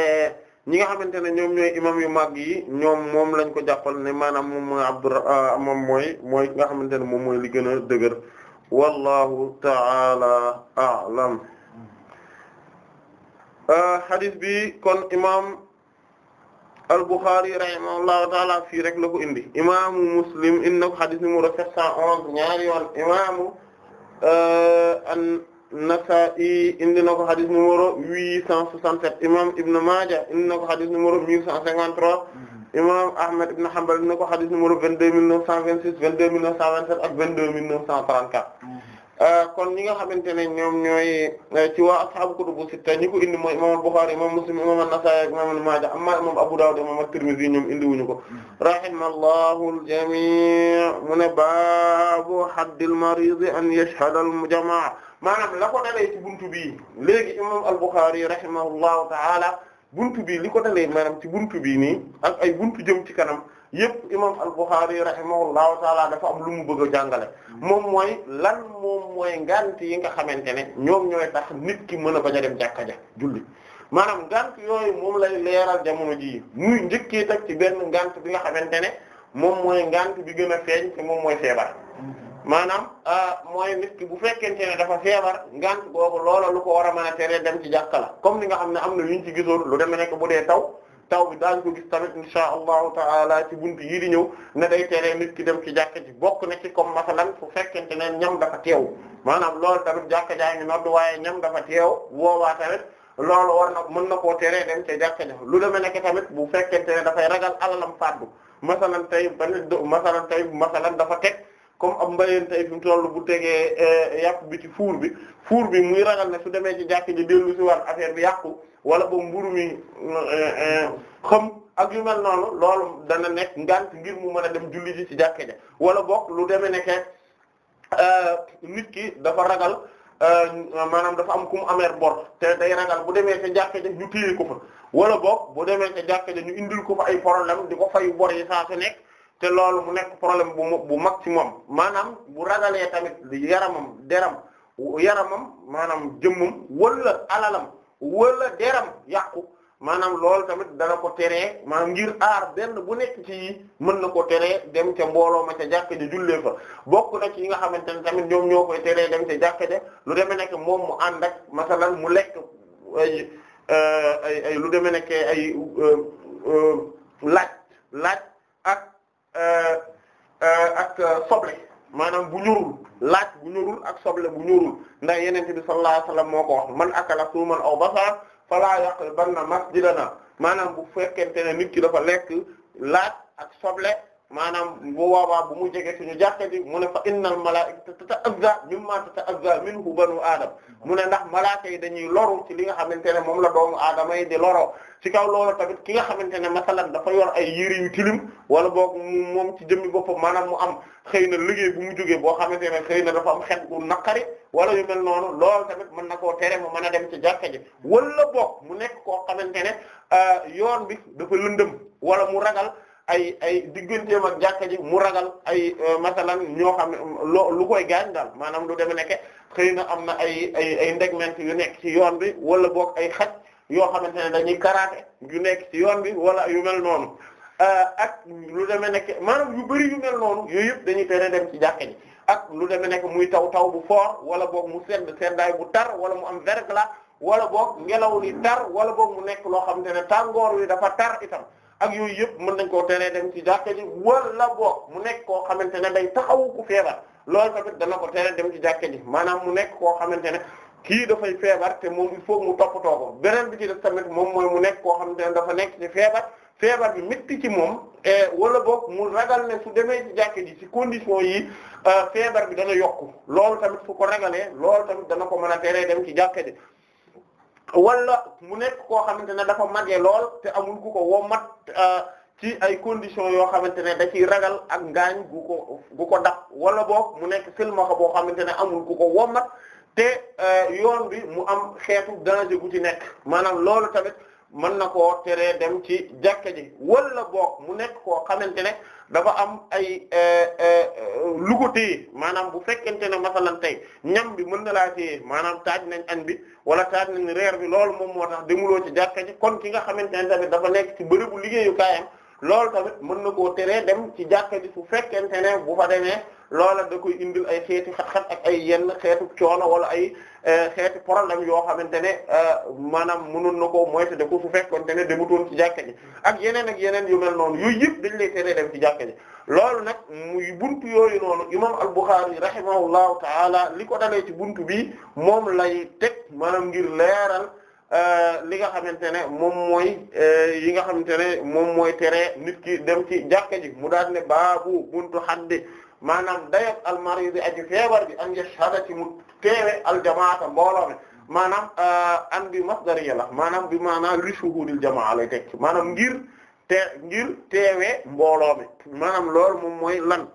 ñi nga xamante ne ñoom ñooy imam yu mag yi ñoom moom lañ ko jàppal ne maanaam moom mooy Abdur ah, moom mooy mooy nga xamante ne moom mooy li gën a dëgër wallahu ta'ala a'lam euh, hadith bi kon imam al-Bukhari rahimahullahu ta'ala fii rek la ko indi imaamu Muslim indi na ko hadith numéro 711 ñaari yoon imaamu euh, Nasa'i indi na ko xadis numéro 867 imam Ibn Maaja indi na ko xadis numéro 1153 mhm. imam Ahmad ibn Hanbal indi na ko xadis numéro 22926 22927 ak 22934 mhm. euh, kon ñi nga xamante ne ñoom ñooy euh, ci waa ashaabu kutubu sitta ñi ko indi mooy imam Bukhari imam Muslim imam An-Nasa'i ak imam Ibn Maaja amma imam Abu Dawud imam At-Tirmidhi ñoom indi wuñu ko mhm. rahimallahu al-jami' mu ne baabu haddil marid an yashhada al-jama'a maanaam la ko dalee ci buntu bii léegi imam al-Bukhari rahimahullahu ta'ala buntu bi li ko dalee maanaam ci buntu bii ni ay buntu jëm ci kanam yépp imam al-Bukhari rahimahullahu ta'ala dafa am lu mu bëgg a jàngale moom mooy lan moom mooy ngant yi nga xamante ne ñoom ñooy tax nit ki mën a bañ a dem jàkka ja julli maanaam ngant yooyu moom lay leeral jamono jii muy njëkkee teg ci benn ngant bi nga xamante ne moom mooy ngant bi gën a feeñ te moom mooy feebar maanaam ah, mooy nit ki bu fekkente ne dafa feebar ngant googu loola lu ko war a mën a teree dem ci jàkka la comme ni nga xam ne am na lu ñu ci gisoon lu demee nekk bu dee taw taw bi daañu ko gis tamit insha allahu taala ci buntu yii di ñëw ne day teree nit ki dem ci jàkka ji bokk na ci comme masalan su fekkente ne ñam dafa teew maanaam loolu tamit jàkka jaa ngi nodd waaye ñam dafa teew boobaa tamit loolu mën na koo teree dem ci jàkka ja lu demee nekk tamit bu fekkente ne dafay ragal alalam faddu masalan tey ba masalan tey masalan dafa teg. comme am mbayeen tey fi mu toll bu tegee eh, yàpp bi ci fuur bi fuur bi muy ragal ne su demee ci jàkk ji dellu si war affaire bi yàqu wala ba mburu mi eh, eh, xam ak yu mel noonu loolu dana nekk ngant ngir mu mën a dem julli ji ci jàkk ja wala bokk lu demee nekke nit ki dafa ragal maanaam dafa am ku mu ameer bor te day ragal bu demee ca jàkk ja ñu téye ko fa wala bokk bu demee ca jàkk ñu indil ko ay problème di ko fayu bor yi saa nekk te loolu mu nekk problème bu bu mag ci moom maanaam bu ragalee tamit yaramam deram yaramam maanaam jëmmam wala alalam wala deram yàqu maanaam loolu tamit dana ko teree maanaam ngir aar benn bu nekk ci mën na ko tere dem ca mbooloo ma ca jàkka ja jullee fa bokk na ci yi nga xamante ne tamit ñoom ñoo koy teree dem ca jàkka ja lu demee nekk moom mu ànd ak masalan mu lekk ay lu demee nekk ay euh, euh, laaj laaj Euh, euh, ak euh, soble maanaam bu ñorul laaj bu ñorul ak soble bu ñorul ndax yeneen bi sallallahu alayhi moo ko wax man akala suuman aw basara fala yaqrabanna masjidana maanaam bu fekkente ne nit ki dafa lekk laaj ak soble maanaam bu boobaa bu mu jege suñu jàkka ji mu ne fa innal malaa'ikata tata'azza mimma tata'azza minhu banu aadam mu ne ndax malaaka yi dañuy loru ci li nga xamante ne moom la doomu aadama yi di loro ci kaw loolu tamit ki nga xamante ne masalan dafa yor ay yére yu tilim wala boog moom ci jëmmi boppam maanaam mu am xëy na liggéey bu mu jógee boo xamante ne xëy na dafa am xet bu naqari wala yu mel noonu loolu tamit mën na koo tere mu mën a dem ci jàkka ji wala boog mu nekk koo xamante ne euh, yoon bi dafa lëndëm wala mu ragal. ay ay digganteem ak jàkka ji mu ragal ay euh, masalan ñoo xam ne lu koy gaañ daal maanaam lu deme nekke xëy na am na ay ay ay ndegment yu nekk ci yoon bi wala boog ay xaj yoo xamante ne dañuy karaate yu nekk ci yoon bi wala yu mel noonu euh, ak lu demee nekk maanaam yu bari yu mel noonu yooyu yëpp dañuy tere dem ci jàkka ji ak lu deme nekk muy taw taw bu fort wala boog mu sedd seddaay bu tar wala mu am verglas wala boog ngelaw li tar wala boog mu nekk loo xamante ne tàngoor wi dafa tar itam ak yooyu yëpp mën nañ koo teree dem ci jàkka ji wala boog mu nekk koo xamante ne day taxawu ku feebar loolu tamit dana ko teree dem ci jàkka ji maanaam mu nekk koo xamante ne kii dafay feebar te moom il faut mu toppatoo ko beneen bi ci def tamit moom mooy mu nekk koo xamante ne dafa nekk feebar feebar bi métti ci moom e, wala boog mu ragal ne su demee ci jàkka ji ci condition yi e, feebar bi dana yokku loolu tamit fu ko ragalee loolu tamit dana ko mën a teree dem ci jàkka ji wala mu nekk koo xamante ne dafa màggee lool te amul ku ko womat euh, ci ay conditions yoo xamante ne da ciy ragal ak ngaañ gu ko gu ko dab wala boog mu nekk silmaxa boo xamante ne amul ku ko womat te euh, yoon bi mu am xeetu danger gu ci nekk maanaam loolu tamit. mën na koo teree dem ci jàkka ji wala boog mu nekk koo xamante ne dafa am ay eh, eh, lu ko téye maanaam bu fekkente ne masalan tey ñam bi mën na laa téye maanaam taaj nañ añ bi wala taaj nañ reer bi loolu moom moo tax demuloo ci jàkka ji kon ki nga xamante ne tamit dafa nekk ci bërëbu liggéeyukaayam loolu tamit mën na koo teree dem ci jàkka ji su fekkente ne bu fa demee loola da koy indil ay xeeti xat-xat ak ay yenn xeetu coono wala ay eh, xeeti problème yoo xamante ne eh, maanaam mënoon na ko moytu da ko su fekkoon te ne demutoon ci jàkka ak yeneen ak yeneen yu mel noonu yooyu yëpp dañ lay tere dem ci jàkka ji loolu nag muy buntu yooyu noonu imam al-Bukhari rahimahullahu taala li ko dalee ci buntu bi moom lay teg maanaam ngir leeral eh, li nga xamante ne moom mooy yi nga xamante ne moom mooy tere nit ki dem ci jàkka ji mu daal ne baabu buntu xaddi maanaam dayat al marid aji feebar bi an yashhada ci mu teewe al jamaata mbooloo mi maanaam euh, an bi masdariya la maanaam bi maanaam li shuhudil jamaa lay tekk maanaam ngir te ngir teewee mbooloo mi maanaam loolu moom mooy lan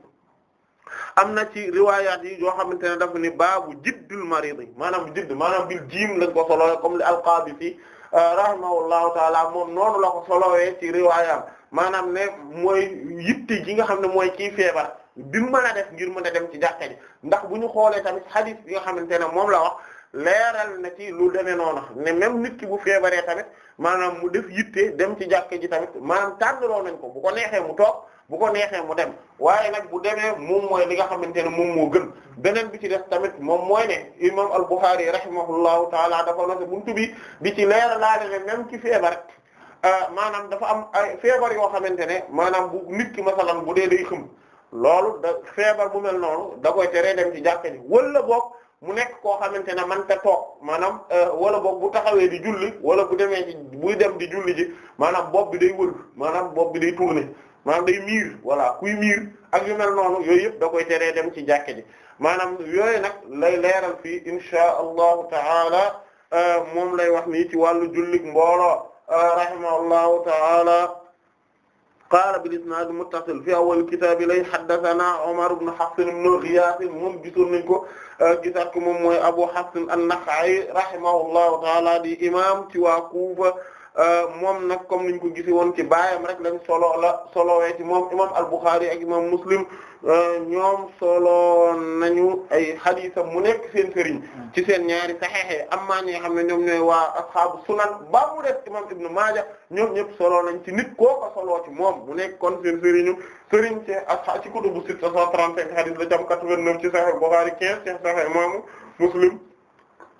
am na ci riwaayaat yi yoo xamante ne daf ni baabu jiddul marid yi maanaam jidd maanaam bil jiim lañ ko comme li alqaadi fi euh, rahimahullahu taala moom noonu ci riwaayaam maanaam ne mooy yitte gi nga xam ne mooy kii feebar bi mu mën a def ngir mën a dem ci jàkka ji ndax bu ñu xoolee tamit hadith bi nga xamante ne moom la wax leeral na ci lu demee noonu ne même nit ki bu feebaree tamit maanaam mu def yitte dem ci jàkka ji tamit maanaam tànnaloo nañ ko bu ko neexee mu toog bu ko neexee mu dem waaye nag bu demee moom mooy li nga xamante ne moom moo gën beneen bi ci def tamit moom mooy ne imam al-Bukhari rahimahullahu taala dafa noose buntu bi bi ci leeralaale ne même ci feebar euh, maanaam dafa am ay feebar yoo xamante ne maanaam bu nit ki masalan bu dee day xëm loolu da feebar bu mel noonu da koy teree dem ci jàkka ji wala bokk mu nekk koo xamante ne man te toog maanaam euh, wala boog bu taxawee di julli wala bu demee ci buy dem di julli ji maanaam bopp bi day wël maanaam bopp bi day tourner maanaam day miir voilà kuy miir ak yu mel noonu yooyu yëpp da koy teree dem ci jàkka ji maanaam yooyu nag lay leeral fii inshaa allahu taala euh, moom lay wax nii ci wàllu jullik mbooloo euh, rahimahullahu taala qaala bil isnaad muttasil fi awwal kitaab lay haddathanaa Umar ibn Hafs ibn Ghiyaas moom gisoon nañ ko gisaat ko moom mooy Abu Hafs an-Nakha'i rahimahullahu ta'ala di imaam ci waa Kuufa Euh, moom nag comme niñ ko gisi woon ci baayam rek lañ solo la solowee ci moom imam al-Bukhari ak imam Muslim euh, ñoom solo nañu ay xadiisam mu nekk seen sëriñ ci seen ñaari saxeexe amma ñi nga xam ne ñoom ñooy waa asxaabu sunan ba mu def imam Ibn Maaja ñoom ñëpp solo nañ ci nit koo ko solo ci moom mu nekk kon seen sëriñu sëriñ ci asxaab ci kutubu sitta cent trente-cinq xadiis la jam quatre-vingt-neuf ci Sahih Bukhari quinze ci Sahih imam Muslim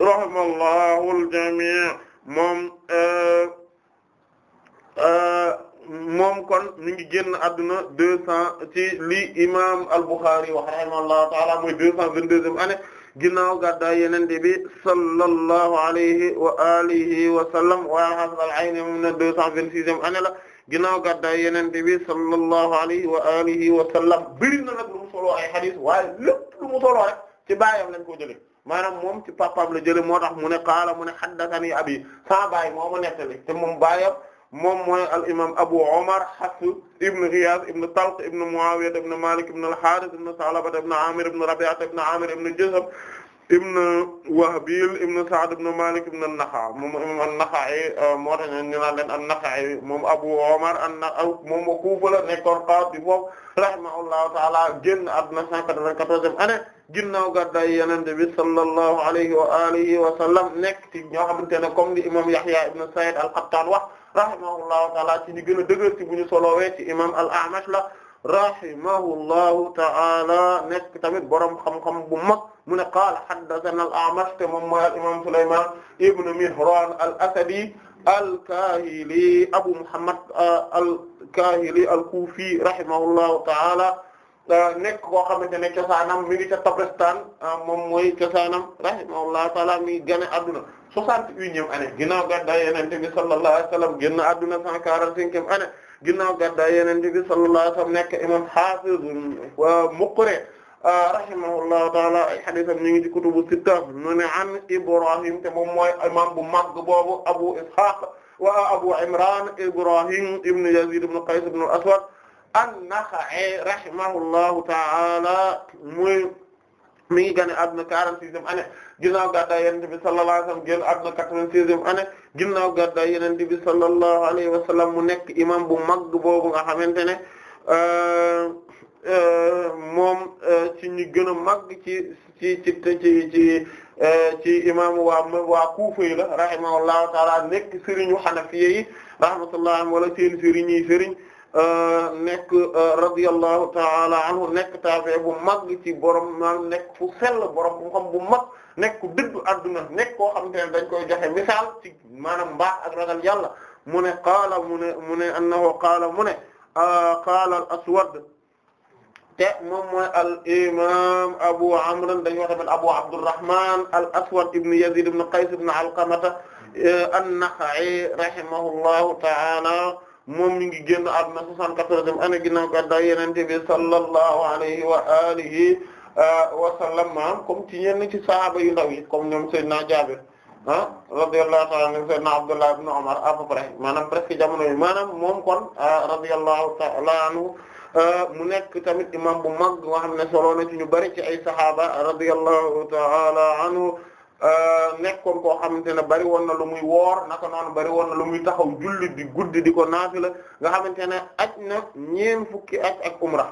rahimallahu al Euh, moom kon ñu ngi génn adduna deux cent ci li imam al-Bukhari wax wa ta'ala mooy deux cent vingt-deuxième année ginnaaw gàddaay yenente bi sallallahu alayhi wa alihi wa sallam waaye xasal ayni moom na deux cent vingt-sixième année la ginnaaw gàddaay yenente bi sallallahu alayhi wa alihi wa sallam bëri na nag lu mu soloo ay xadiis waaye lépp lu mu soloo rek baayam lañ ko jëlee maanaam moom ci papaam la jëlee moo tax mu ne qaala mu ne haddathani abi sa baay moo ma nettali te moom mooy al imam Abu Omar Hafs ibn Ghiyath ibn Talq ibn Muawiyah ibn Malik ibn al-Harith ibn Tha'laba ibn Amir ibn Rabi'ah ibn Amir ibn Jazam ibn Wahbil ibn Sa'd ibn Malik ibn an-Nakha'i moom moom an-Nakha'i eh, moo tax ñu naan leen an-Nakha'i eh, moom Abu Omar an-Nakha'i moom Kufa la nekkoon qaadi foofu rahimahullahu ta'ala génn àdduna 194e année. ginnaaw gàddaay yenente bi sallallahu alayhi wa alihi wa sallam nekk ci ñoo xamante ne comme ni imam Yahya ibn Sa'id al-Qattan wax rahimahullahu taala ci ñu gën a dëgër ci bu ñu solowee ci imam al-A'mash la rahimahullahu taala nekk tamit borom xam-xam bu mag mu ne qaala haddathana al-A'mash te moom mooy al-imam Sulayman ibn Mihran al-Asadi al-Kahili Abu Muhammad euh, al-Kahili al-Kufi rahimahullahu taala Euh, nekk koo xamante ne cosaanam mi ngi ca Tabristan euh, moom mooy cosaanam rahimahullahu taala mi ngi gane adduna soixante-et-unième année ginnaaw gàddaay Yonent bi sallallahu alayhi wa sallam génn adduna cent ginnaaw gàddaay Yonent bi sallallahu alayhi wa sallam nekk imam hafiz euh, muqri rahimahullahu taala ay hadisam ñu ngi ci kutubu sitta mu ne an Ibrahim te moom bu mag boobu Abu Ishaq wa Abu Imran Ibrahim ibn Yazid ibn Qays ibn aswad an-Naxa'i eh, rahimahullahu ta'ala muy mi ngi gane adduna quarante-sixième année ginnaaw gàddaay Yonent bi sallallahu alayhi wa sallam génn adduna quatre sallallahu alayhi wa mu nekk imam bu mag boobu nga xamante ne euh, euh, moom euh, ci ñu gën mag ci ci ci ci ci ci imam waa waa Kuufa yi la rahimahullahu ta'ala nekk sëriñu wala seen sëriñ yi Euh, nekk euh, radiyallahu ta'ala anhu nekk taabi bu mag ci borom maanaam nekk fu sell borom bu xam bu mag nekk ku dëddu adduna nekk koo xam te ne dañ koy joxe misaal ci maanaam mbaax ak ragal yàlla mu ne qaala mu ne mu ne annahu qaala mu ne euh, qaala al aswad te moom mooy al imam abu amr dañu wax tamit abu abdurrahman al aswad ibn yazid ibn qays ibn alqamata an-nakha'i rahimahullahu ta'ala moom mi ngi génn àdduna 74e année ginnaaw gàddaay Yonent bi sallallahu alayhi wa alihi uh, wa sallam maanaam ah, comme ci ñenn ci sahaaba yu ndaw yi comme ñoom Seydina Jaabir ah radiyallahu ta'ala anhu Seydina Abdullah ibn Umar à peu près maanaam presque jamono yi maanaam moom kon ah, radiyallahu ta'ala anhu uh, mu nekk tamit imam bu mag nga xam ne solo na ci ñu bari ci ay sahaaba radiyallahu ta'ala anhu Euh, nekkoon koo xamante ne bari woon na lu muy woor naka noonu bari woon na lu muy taxaw julli di guddi di ko naafila nga xamante ne aj na ñeen fukki aj ak umra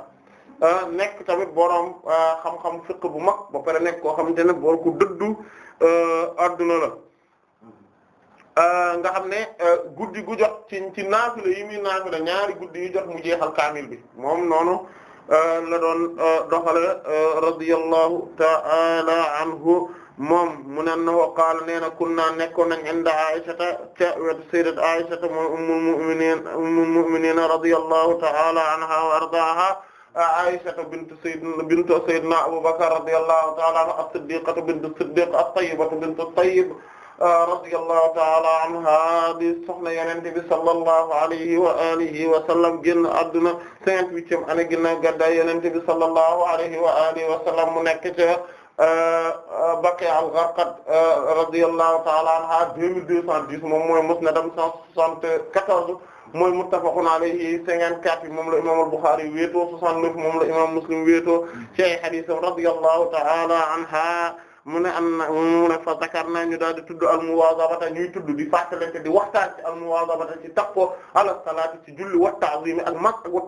euh, nekk tamit borom euh, xam-xam fiqh bu mag ba pare nekk koo xamante ne bor ku dëddu adduna la nga xam ne guddi gu jot ci ci naafila yi muy naafila ñaari guddi yu jot mu jeexal kaamil bi moom noonu la doon doxale radiyallahu ta'ala anhu moom mu nen na wa qaala nee na kunnaa nekkoon nañ inda aïsata ca wet sayyidat aïsata moom ummul mu'minin ummul mu'minin radiyallahu ta'ala anha wa ardaaha aïsata bintu sayyidina bintu sayyidina abubakar radiyallahu ta'ala anha as-siddiqatu bintu siddiq at-tayyibatu bintu tayyib radiyallahu ta'ala anha di soxna yonent bi sallallahu alayhi wa alihi wa sallam génn adduna cinquante-huitième année ginnaaw gàddaay yonent bi sallallahu alayhi wa alihi wa sallam mu nekk ca Euh, euh, Baqi al-Gharqad euh, radiyallahu ta'ala anha deux mille deux cent dix moom mooy musnadam cent soixante-quatorze mooy muttafaqun alayhi cinquante-quatre yi moom la imam al-Bukhari wéetoo soixante-neuf moom la imam Muslim wéetoo ci ay haditham radiyallahu ta'ala anha mu ne am na mu ne fa zakar naa ñu daal di tudd almuwaazabata ñuy tuddu di fàttalante di waxtaan ci almuwaazabata ci takko ala salaati ci julli wa ta'zim ak mag wa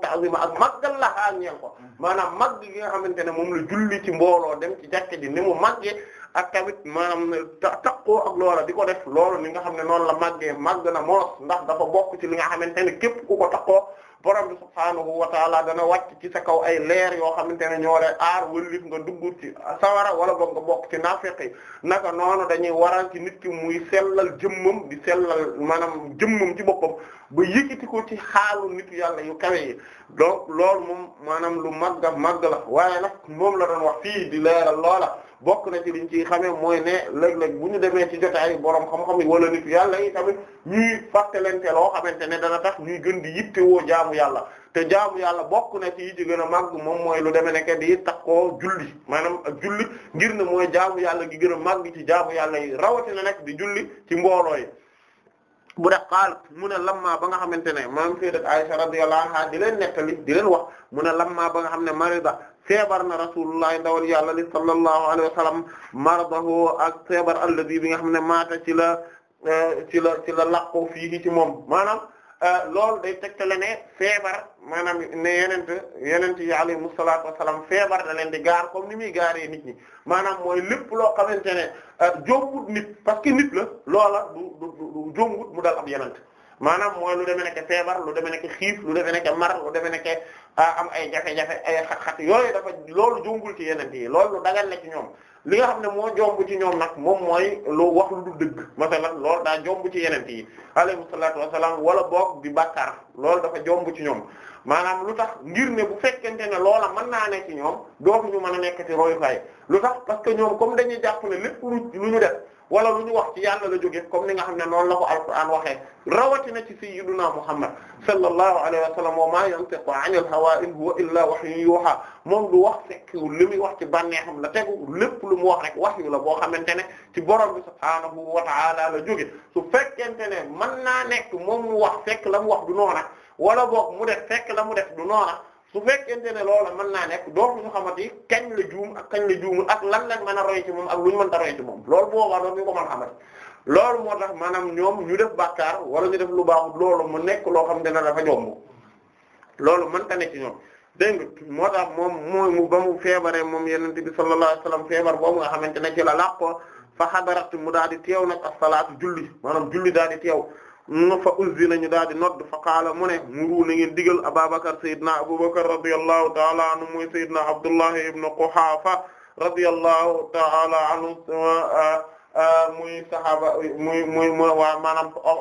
ak màggal la xaar ñeel ko maanaam màgg gi nga xamante ne moom la julli ci mbooloo dem ci jàkka ji ni mu màggee ak tamit maanaam takko ak loola di ko def loolu ni nga xam ne noonu la màggee màgg na moos ndax dafa bokk ci li nga xamante ne képp ku ko takkoo borom bi subhaanahu wa taala dana wàcc ci ta kaw ay leer yoo xamante ne ñoo lay aar wëllif nga dugg ci sawara wala boog nga bokk ci naafiq yi naka noonu dañuy waral ci nit ki muy sellal jëmmam di sellal maanaam jëmmam ci boppam ba yëkkati ko ci xaalu nitu yàlla yu kawe don donc loolu moom maanaam lu màgg màgg la waaye nag moom la doon wax fii di leeral loola bokk na ci liñ ci xamee mooy ne léeg-léeg bu ñu demee ci ay boroom xam-xam yi wala nit yàlla yi tamit ñuy fàttalante loo xamante ne dana tax ñuy gën di woo jaamu yàlla te jaamu yàlla bokk na ci gën a màgg moom mooy lu demee nekk di takkoo julli maanaam ak julli ngir ne mooy jaamu yàlla gi gën a màgg ci jaamu yàlla yi rawatina nag di julli ci mbooloo yi. bu def xaal mu ne maa ba nga xamante ne maam sayyidat Aisha radiyallahu anha di leen nettali di leen wax mu ne maa ba nga xam ne marida feebar na rasulullah ndawal yàlla li sallallahu alayhi wa sallam maradahu ak feebar bii bi nga xam ne maata ci la eh, ci la ci la laqoo fii ci moom maanaam eh, loolu day tegtale ne feebar maanaam ne yenent yenent yi alayhimu salaatu wa salaam feebar da leen di gaar comme ni muy gaaree nit ñi maanaam mooy lépp loo xamante ne eh, jombut nit parce que nit la loola du du mu dal ab yenent maanaam mooy lu demee nekk feebar lu demee nekk xiif lu demee nekk mar lu demee nekk ah, am ay jafe-jafe ay xat-xat yooyu dafa loolu jombul ci yeneen yi lool lu dagal na ci ñoom li nga xam ne moo jomb ci ñoom nag moom mooy lu wax lu du dëgg masalan lool daa jomb ci yeneen yi alayhi salaatu wassalaam wala boog di bàkkaar loolu dafa jomb ci ñoom maanaam lu tax ngir ne bu fekkente ne loola mën naa ne ci ñoom dootuñu mën a nekkati royukaay lu tax parce que ñoom comme dañuy jàpp ne lépp lu ñu def wala lu ñu wax ci yàlla la jóge comme ni nga xam ne noonu la ko alquran waxee rawatina ci sayyiduna muhammad sallallahu alayhi wa sallam wa ma yantiqu anil hawa in huwa illa wahyun yuha moom du wax fekk li muy wax ci bànneexam la tegu lépp lu mu wax rek wax yu la boo xamante ne ci borom bi subhaanahu wa ta'ala la jóge su fekkente ne mën naa nekk moom mu wax fekk la mu wax du noona wala boog mu def fekk la mu def du noona su fekkente ne loola mën naa nekk dootu ñu xamati kañ la juum ak kañ la juumul ak lan lañ man a roy ci moom ak lu ñu mën ta roy ci moom loolu boobaa dootu ñu ko mën a xamati loolu moo tax ñoom ñu def bàkkaar wala ñu lu baaxut loolu mu nekk loo xam ne dafa jomb loolu mën ta ne ci ñoom dégg nga moo tax moom mooy mu ba mu feebaree moom yonent bi sallallahu alayhi wasallam feebar boobu nga xamante ne ci la laq ko fa xadarat mu daal di teew nag as-salaatu julli maanaam julli daal di teew fa uzzina ñu daal di nodd fa qaala mu ne muru na ngeen digal Ababakar Seydina Abubakar radiyallahu ta'ala anhu muy Seydina Abdullah ibn Quhafa radiyallahu ta'ala anhu muy saxaaba muy muy muy waa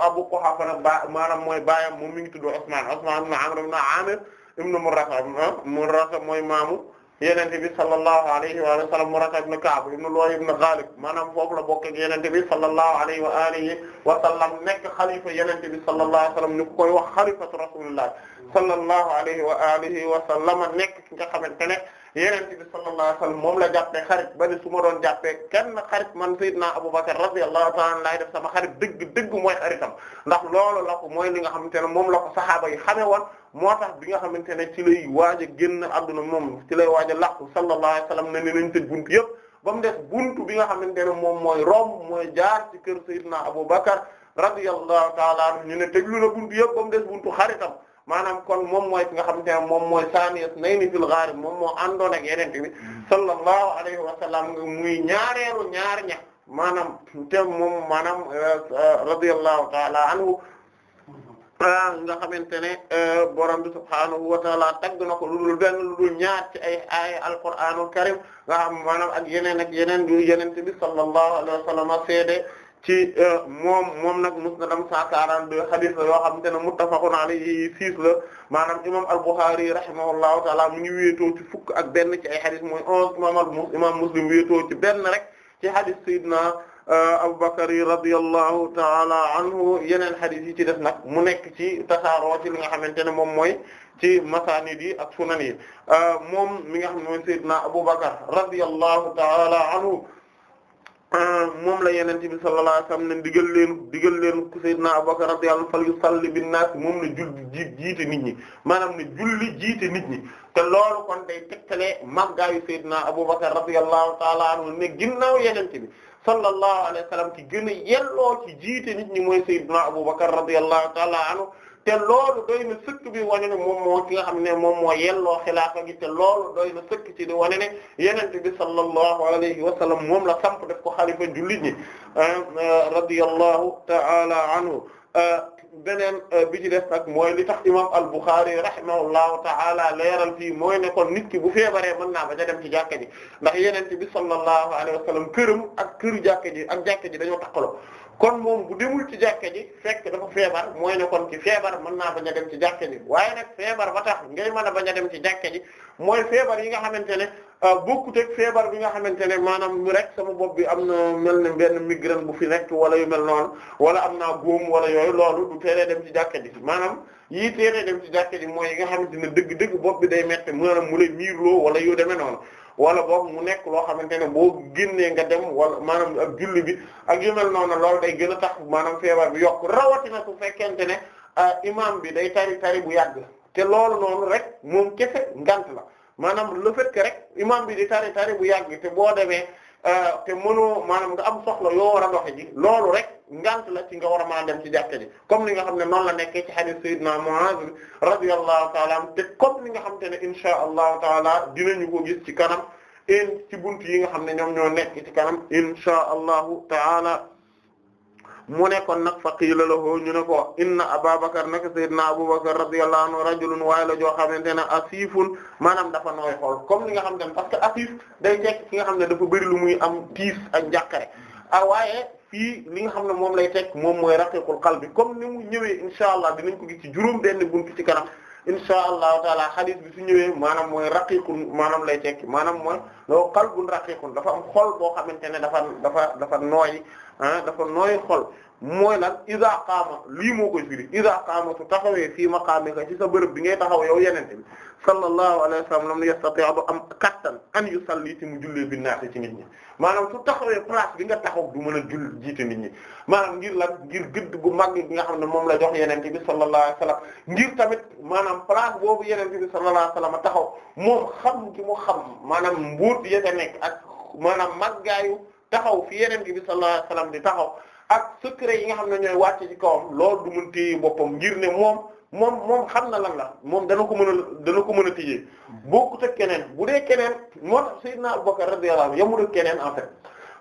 Abu Quhafa nag ba maanaam mooy baayam moom mi ngi tudd Usmaan ibn Amr ibn Aamir ibn Murraka ah, Murraka maamu. yenente bi sallallahu alayhi wa sallam Murata ibn Ka'b ibn Lu'ay ibn Ghalib maanaam foofu la bokk ak yenente bi sallallahu alayhi wa alihi wa sallam nekk xalifa yenente bi sallallahu alayhi wa sallam ñu ko koy wax xalifatu rasulullah sallallahu alayhi wa alihi wa sallam nekk ki nga xamante ne yenente bi sallallahu alayhi wa sallam moom la jàppee xarit ba ni su ma doon jàppee kenn xarit man sayyidina Abu Bakr radiyallahu ta'ala laay def sama xarit dëgg dëgg mooy xaritam ndax loolu la ko mooy li nga xamante ne moom la ko sahaaba yi xamee woon moo tax bi nga xamante ne ci lay waaj a génn adduna moom ci lay waaj a làqu sallallahu alayhi wa sallam ne ne nañ tëj buntu yëpp ba mu des buntu bi nga xamante ne moom mooy romb mooy jaar ci kër Seydina Abu Bakar radiyallahu ta'ala anhu ñu ne tëjlu na buntu yëpp ba mu des buntu xaritam maanaam kon moom mooy ki nga xamante ne moom mooy saniyat nayni fil ghaar moom moo àndoon ak yeneen bi sallallahu alayhi wa sallam muy ñaareelu ñaar ña maanaam te moom maanaam euh, euh, radiyallahu ta'ala anhu nga xamante ne euh, borom bi subhaanahu wa taala na ko lu dul benn lu dul ñaar ci ay aaya alqur'aanul karim nga xam maanaam ak yeneen ak yeneen yu yeneen bi sallallahu alayhi wa sallam seede ci euh, moom moom nag musnadam 142 hadith la yoo xamante ne muttafaqun alayhi six la maanaam imam al-Bukhari rahimahullahu taala mu ngi wéetoo ci fukk ak benn ci ay hadith mooy onze imam al imam Muslim wéetoo ci benn rek ci hadith sayyidina Euh, Abubakar yi radiyallahu ta'ala anhu yeneen xadis yi ci def nag mu nekk ci tasaaroo ci li nga xamante ne moom mooy ci masaanid yi ak sunan yi euh, moom mi nga xam ne mooy Seydina Abubakar radiyallahu ta'ala anhu euh, moom la yeneen bi sallallahu alayhi wasallam ne digal leen digal leen ku Seydina Abubakar radiyallahu fal yusalli bin naas moom la julli ji jiite nit ñi maanaam ne julli jiite nit ñi te loolu kon day tegtale màggaayu Seydina Abubakar radiyallahu ta'ala anhu ne ginnaaw yeneen bi sallallahu alayhi wa sallam ki gën a yelloo ci jiite nit ñi mooy sayyidina Abubakar radiyallahu ta'ala anhu te loolu doy na sëkk bi wane ne moom moo ki nga xam ne moom moo yelloo xilaafa gi te loolu doy na sëkk ci di wane ne yenente bi sallallahu alayhi wa sallam moom la samp def ko xalifa jullit ñi radiyallahu ta'ala anhu beneen euh, bi ci def nag mooy li tax imam al-Bukhari rahimahullahu ta'ala leeral fii mooy ne kon nit ki bu feebaree mën naa ba ca dem ci jàkka ji ndax yeneen bi sallallahu alayhi wa sallam këram ak kër jàkka ji ak jàkka ji dañoo takkaloo kon moom bu demul ci jàkka ji fekk dafa feebar mooy ne kon ci feebar mën naa bañ a dem ci jàkka ji waaye nag feebar ba tax ngay man a bañ a dem ci jàkka ji mooy feebar yi nga xamante ne euh, bokkut ak feebar bi nga xamante ne maanaam rek sama bopp bi am na mel ne benn migraine bu fi nekk wala yu mel noonu wala am naa góom wala yooyu loolu du teelee dem ci jàkka ji maanaam yii teelee dem ci jàkka mooy yi nga xamante ne dëgg-dëgg bopp bi day metti maanaam mu lay miirloo wala yu demee noonu wala boobu mu nekk loo xamante ne boo génnee nga dem wala maanaam ak julli bi ak yu mel noonu loolu day gën a tax maanaam feebar bi yokk rawatina su fekkente ne euh, imam bi day tari tari bu yàgg te loolu noonu rek moom kese ngant la maanaam le fait que rek imam bi di tari tari bu yàgg te boo demee. Euh, te mënoo maanaam nga am soxla yoo war a doxe ji loolu rek ngant la ci nga war a mën ci jàkka ji comme li nga xam ne noonu la nekkee ci hadith sayyidina Muaz radiyallahu ta'ala anhu te comme li nga xam te ne inshaa allahu taala dinañu ko gis ci kanam in ci bunt yi nga xam ne ñoom ñoo nekk ci kanam inshaa allahu taala moo nekkoon nag faqiila lahu ñu ne ko inna Ababakar nag sayyidina Abubakar radiyallahu anhu rajulun waaye la joo xamante ne asifun maanaam dafa nooy xool comme li nga xam ne parce que asif day tekk ki nga xam ne dafa bëri lu muy am tiis ak njàqare a ah, waaye fii li nga xam ne moom lay tekk moom mooy raqiqul qalbi comme ni mu ñëwee insha allah dinañ ko gis ci juróom benn buntu ci kanam insha allah taala hadith bi su ñëwee maanaam mooy raqiqun maanaam lay tekki maanaam mooy loo qalbun raqiqun dafa am xool boo xamante ne dafa dafa dafa nooy Ah, dafa nooy xol mooy lan iza qaama lii moo koy firi iza qaama su taxawee ma fii maqaamika ci sa bërëb bi ngay taxaw yow yenente bi sallallahu alayhi wa sallam lam yastati' du am kattan an yusalli ci mu jullee bi naati ci nit ñi maanaam su taxawee place bi nga taxaw du mën a ji jiite nit ñi maanaam ngir la ngir gëdd bu mag gi nga xam ne moom la jox yenente bi sallallahu alayhi wa sallam ngir tamit maanaam place boobu yenente bi sallallahu alayhi wa sallam taxaw moom xam gi mu xam maanaam mbuut ya nekk ak maanaam maggaayu taxaw fi yeneen bi sa alayhi wasallam di taxaw ak secret yi nga xam ne ñooy wàcc ci kawam loolu du mën téye boppam ngir ne moom moom moom xam na lan la moom dana ko mën a dana ko mën a boo ko ak keneen bu dee keneen moo tax Seydina Abubakar radiyallahu anhu yamul keneen en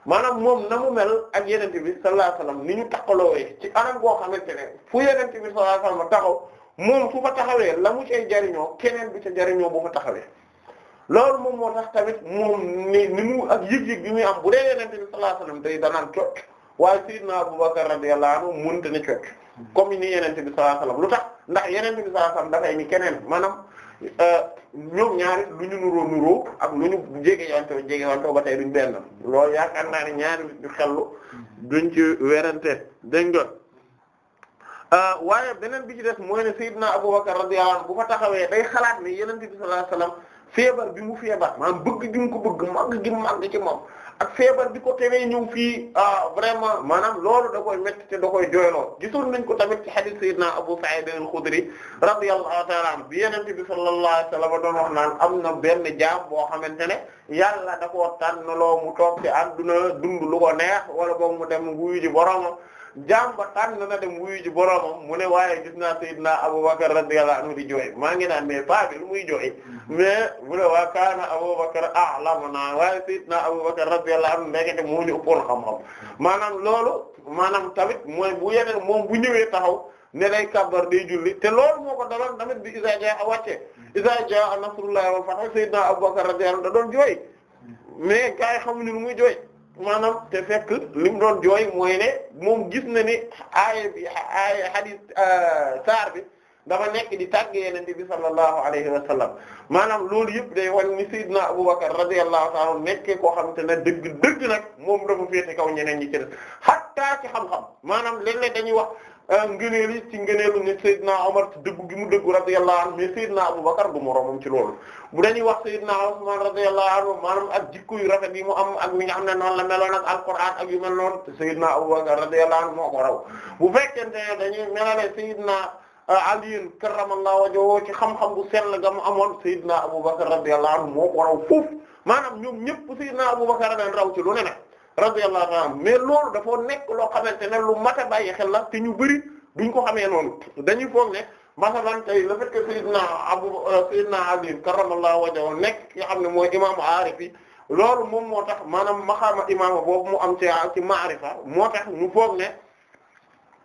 maanaam moom na mu mel ak yeneen bi sallallahu alayhi wasallam ni ñu taxaloowee ci anam boo xamante ne fu yeneen bi sallallahu alayhi wasallam taxaw moom su fa taxawee la mu cay jariñoo keneen bi ca jariñoo bu fa taxawee loolu moom moo tax tamit moom ni ni ak yëg-yëg bi muy am bu dee yonent bi sallallahu alayhi wasallam tey danaan cocc waaye sayyidina Abubakar radiyallahu anhu mënta ni cocc comme ni yonent bi sallallahu lu tax ndax yonent bi sallallahu alayhi wasallam dafay ni keneen maanaam euh, ñoom ñaari lu ñu nuróo nuróo ak lu ñu jege wantoo jege wantoo ba tey duñ benn loolu naa ne ñaari ñu xellu duñ ci werante dégg nga euh, waaye beneen bi ci des mooy ne sayyidina Abubakar radiyallahu bu fa taxawee day xalaat bi sallallahu alayhi feebar bi mu feebar maanaam bëgg gi mu ko bëgg màgg gi màgg ci moom ak feebar bi ko teree ñëw fii ah vraiment maanaam loolu da koy métti te da koy jooyloo gisoon nañ ko tamit ci hadith sayyidina Abu Sa'id al-Khudri radiyallahu ta'ala anhu bi yenente bi sallallahu alayhi wasallam doon wax naan am na benn jaam boo xamante ne yàlla da koo tànnaloo mu toog ci àdduna dund lu ko neex wala boog mu dem wuyu ji boroomam jaam ba tànn na dem wuyu ji boroomam mu ne waaye gis naa Seydina Abubakar radiyallahu anhu di jooy maa ngi naan mais paa bi lu muy jooy mm-hmm. mais bu ne waa kaana Abubakar a'lamuna waaye Seydina Abubakar radiyallahu anhu ndekete moo ñu ëppoon xam-xam maanaam loolu maanaam tamit mooy ye yeneen moom bu ñëwee taxaw ne day kàbbar day julli te loolu moo ko daloon tamit bi izaa jaa'a wàcce izaa jaa'a nasrullahi wal fath Seydina Abubakar radiyallahu da doon jooy mm-hmm. mais gaa yi xamuñu lu muy maanaam te fekk li mu doon jooy mooy ne moom gis na ni aaya bi aaya hadis euh, saar bi dafa nekk di tàgge yenente bi sallallahu alayhi wa sallam maanaam loolu yëpp day wan ni sayyidna Abubakar radiyallahu ta'ala anhu nekkee koo xam te ne dëgg dëgg nag moom dafa féete kaw ñeneen ñi ci def hatta ci xam-xam maanaam léeg-léeg dañuy wax ngëneel yi ci ngëneelu ne Seydina Omar ci dëggu gi mu dëggu radiyallahu anhu mais Seydina Abubakar du moroomam ci loolu bu dañuy wax Seydina Usman radiyallahu anhu maanaam ak jikko yu rafet yi mu am ak mi nga xam ne noonu la meloon ak alquran ak yu mel noonu te Seydina Abubakar radiyallahu anhu moo ko raw bu fekkente ne dañuy melale Seydina euh, Ali karramallahu wajhahu ci xam-xam bu sell ga mu amoon Seydina Abubakar radiyallahu anhu moo ko raw foofu maanaam ñoom ñëpp Seydina Abubakar dañ raw ci lu ne radiyallahu anhu mais loolu dafa nekk loo xamante ne lu mat a xel la te ñu bëri duñ ko xamee noonu dañuy foog ne masalan tey le fait que Abu euh, Seydina Ali karramallahu wajhahu nekk ki xam ne mooy imaamu aarifi loolu moom moo tax maanaam maxaama imaama boobu mu am ci ci maarifa moo tax ñu foog ne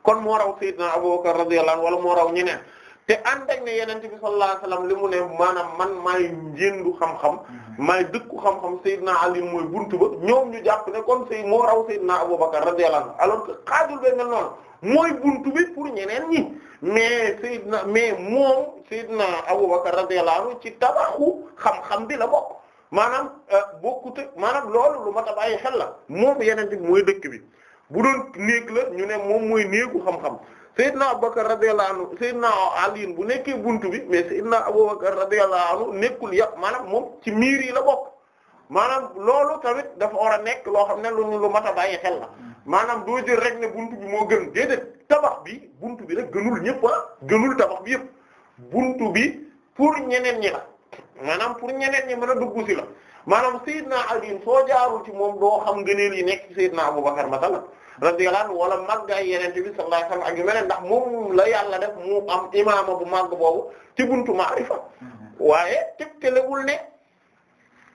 kon moo raw Seydina Abubakar radiyallahu anhu wala moo raw ñeneen. te ànd ak ne yenente bi sallallahu alayhi li mu ne maanaam man maay njëndu xam-xam mhm. maay dëkku xam-xam Seydina Ali mooy buntu ba ñoom ñu jàpp ne kon moo raw Seydina Abubakar radiyallahu anhu alors que xaajul be mel noonu mooy buntu bi pour ñeneen ñi mais Seydina mais moom Seydina Abubakar radiyallahu anhu ci tabaxu xam-xam bi la bokk maanaam euh, bokkute maanaam loolu lu ma ta bàyyi xel la moom yenente bi mooy dëkk bi bu doon néeg la ñu ne moom mooy néegu xam Seydina Abubakar radiyallahu anhu Seydina Ali bu nekkee buntu bi mais Seydina Abubakar radiyallahu anhu nekkul yàpp maanaam moom ci miir yi la bokk maanaam loolu tamit dafa war a nekk loo xam ne luñu lu mat a bàyyi xel la maanaam doo jël rek ne buntu bi moo gën déedéet tabax bi buntu bi rek gënul ñëpp ah gënul tabax bi yëpp buntu bi pour ñeneen ñi la maanaam pour ñeneen ñi mën a dugg si la maanaam na Ali soo jaarul ci moom doo xam ngëneel yi nekk Seydina Abubakar masala radiyallahu anhu wala màggaay yenente bi sallallahu alayhi wasallam ak yu ndax moom la yàlla def mu am imaama bu màgg boobu ci buntu maarifa mhm. waaye tegtalewul ne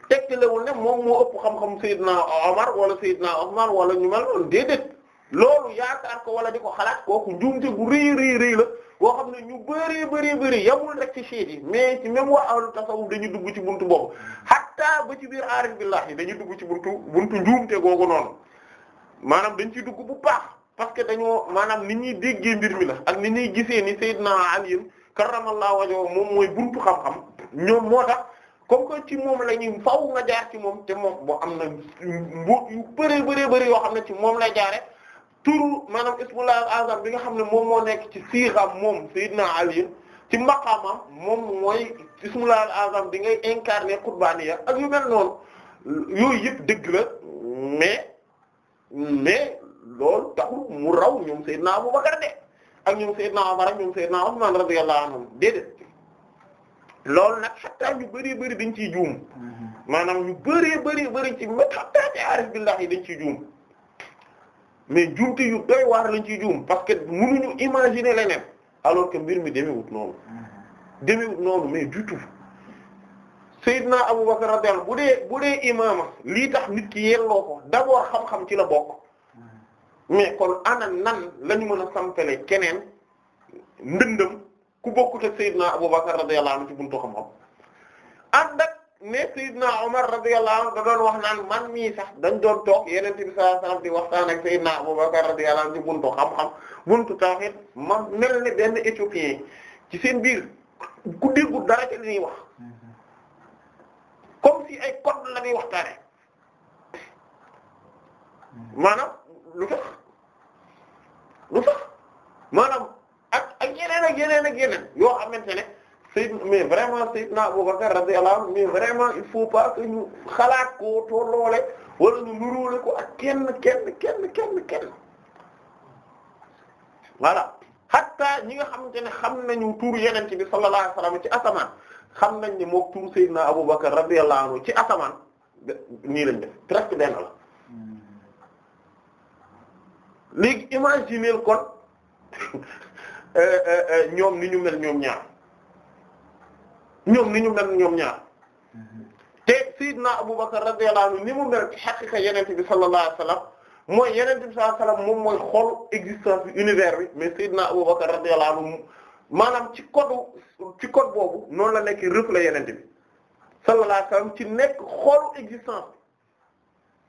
tegtalewul ne moom moo ëpp xam-xam a Omar wala Seydina Ousmane wala ñu mel noonu déedéet loolu yaakaar ko wala di ko xalaat kooku njuumte gu rëy rëy la boo xam ne ñu bëree bëri bëri yamul rek ci chiites yi mais ci même waa ahlu tasawuf dañuy dugg ci buntu boobu mhm. hatta ba ci biir aarif billahi dañuy dugg ci buntu buntu njuumte googu noonu maanaam dañ ci dugg bu paax parce que dañoo maanaam ni ñuy déggee mbir mi la ak ni ñuy gisee ni Seydina Ali karramallahu wajhahu moom mooy buntu xam-xam ñoom moo tax comme que ci moom la ñuy faaw nga jaar ci moom te moom am na mboot yu bëree bëree bëri yoo xam ne ci moom lay jaare turu maanaam ismul azam bi nga xam ne moom moo nekk ci siixam moom Seydina Ali ci maqaamam moom mooy ismul azam bi ngay incarner qurbaaniya ak yu mel noonu yooyu yëpp dëgg la mais. mais lool taxul mu raw ñoom Seydina Abu Bakar de ak ñoom Seydina Umar ak ñoom Seydina Usman radiyallahu anhum déedéet loolu nag xattaa ñu bëree bëri dañ ciy juum mm-hmm. maanaam ñu bëree bëri bëri ci mét xattaa ci aarif billah yi dañ ciy juum mais juumte yu doy waar lañ ciy juum parce que mënuñu imaginer leneen alors que mbir mi demewut noonu mm-hmm. demewut noonu mais du tout Seydina Abubakar radiyallahu bu dee bu dee imaama lii tax nit ki yelloo ko d'abord xam-xam ci la bokk mais kon ana nan la ñu mën a sampale keneen ndëndëm ku bokkut ak Seydina Abubakar radiyallahu anhu ci buntu xam-xam ànd ak ne Seydina Omar radiyallahu doon wax naan man mii sax dañ doon toog Yonent bi di waxtaan ak Seydina Abubakar radiyallahu anhu ci buntu xam-xam buntu tawhid man mel ne benn éthiopien ci seen biir ku déggu dara ci wax. comme si ay code la ñuy waxtaane maanaam lu tax lu tax maanaam ak ak yeneen ak yeneen ak yeneen yoo xamante ne Sayyid mais vraiment Sayyidna Abu Bakr radiyallahu anhu mais vraiment il faut pas que ñu xalaat ko tolloole wala ñu nuróole ko ak kenn kenn kenn kenn kenn voilà hatta ñi nga xamante ne xam nañu tur yeneen ci bi sallallahu alayhi wasallam ci asamaan xam nañ ni mook tur Seydina Abubakar radiyallahu anhu ci asamaan nii lañ def presque benn la léegi imaginer kon euh, euh, euh, ñoom ni ñu mel ñoom ñaar ñoom ni ñu mel ñoom ñaar te Seydina Abubakar radiyallahu anhu ni mu mel ci xaqiqa yenente bi sallallahu alayhi mooy yenente bi sallallahu alayhi moom mooy xol existence bi univers bi mais Seydina Abubakar radiyallahu anhu maanaam ci code ci code boobu noonu la nekk rëf la yenente bi sallallahu ci nekk xoolu existence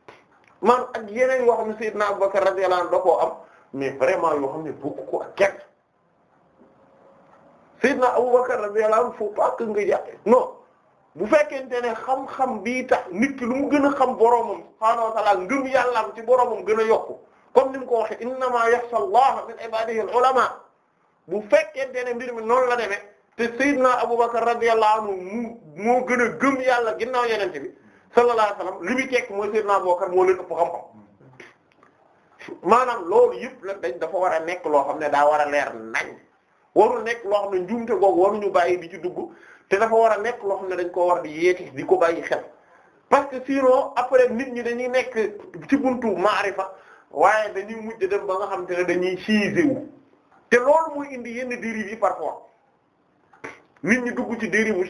bi maanaam ak yeneen yoo xam ne sayyidna Abubakar radiyallahu anhu da am mais vraiment yoo xam ne bokk ko ak kenn sayyidna Abubakar radiyallahu anhu faut pas que nga yàqe non bu fekkente ne xam-xam bii tax nit ki lu mu gën a xam boroomam subhaanahu wa ta'ala ngëm yàllaam ci boroomam gën a yokku comme ni mu ko waxe innamaa yaxsha Allaha min ibaadihi al bu fekkente ne mbir mi noonu la demee te Seydina Abubakar radiyallahu anhu mu moo gën a gëm yàlla ginnaaw yenente bi sallallahu alayhi wasallam li muy tekk mooy Seydina Abubakar moo leen ëpp xam-xam maanaam loolu yëpp la dañ dafa war a nekk loo xam ne daa war a leer nañ warul nekk loo xam ne njuumte googu waruñu bàyyi di ci dugg te dafa war a nekk loo xam ne dañ koo war di yeeti di ko bàyyi xel parce que sinon après nit ñi dañuy nekk ci buntu maarifa waaye dañuy mujj dem ba nga xam te ne dañuy ciise wu te loolu mooy indi yenn dérives yi parfois nit ñi dugg ci dérive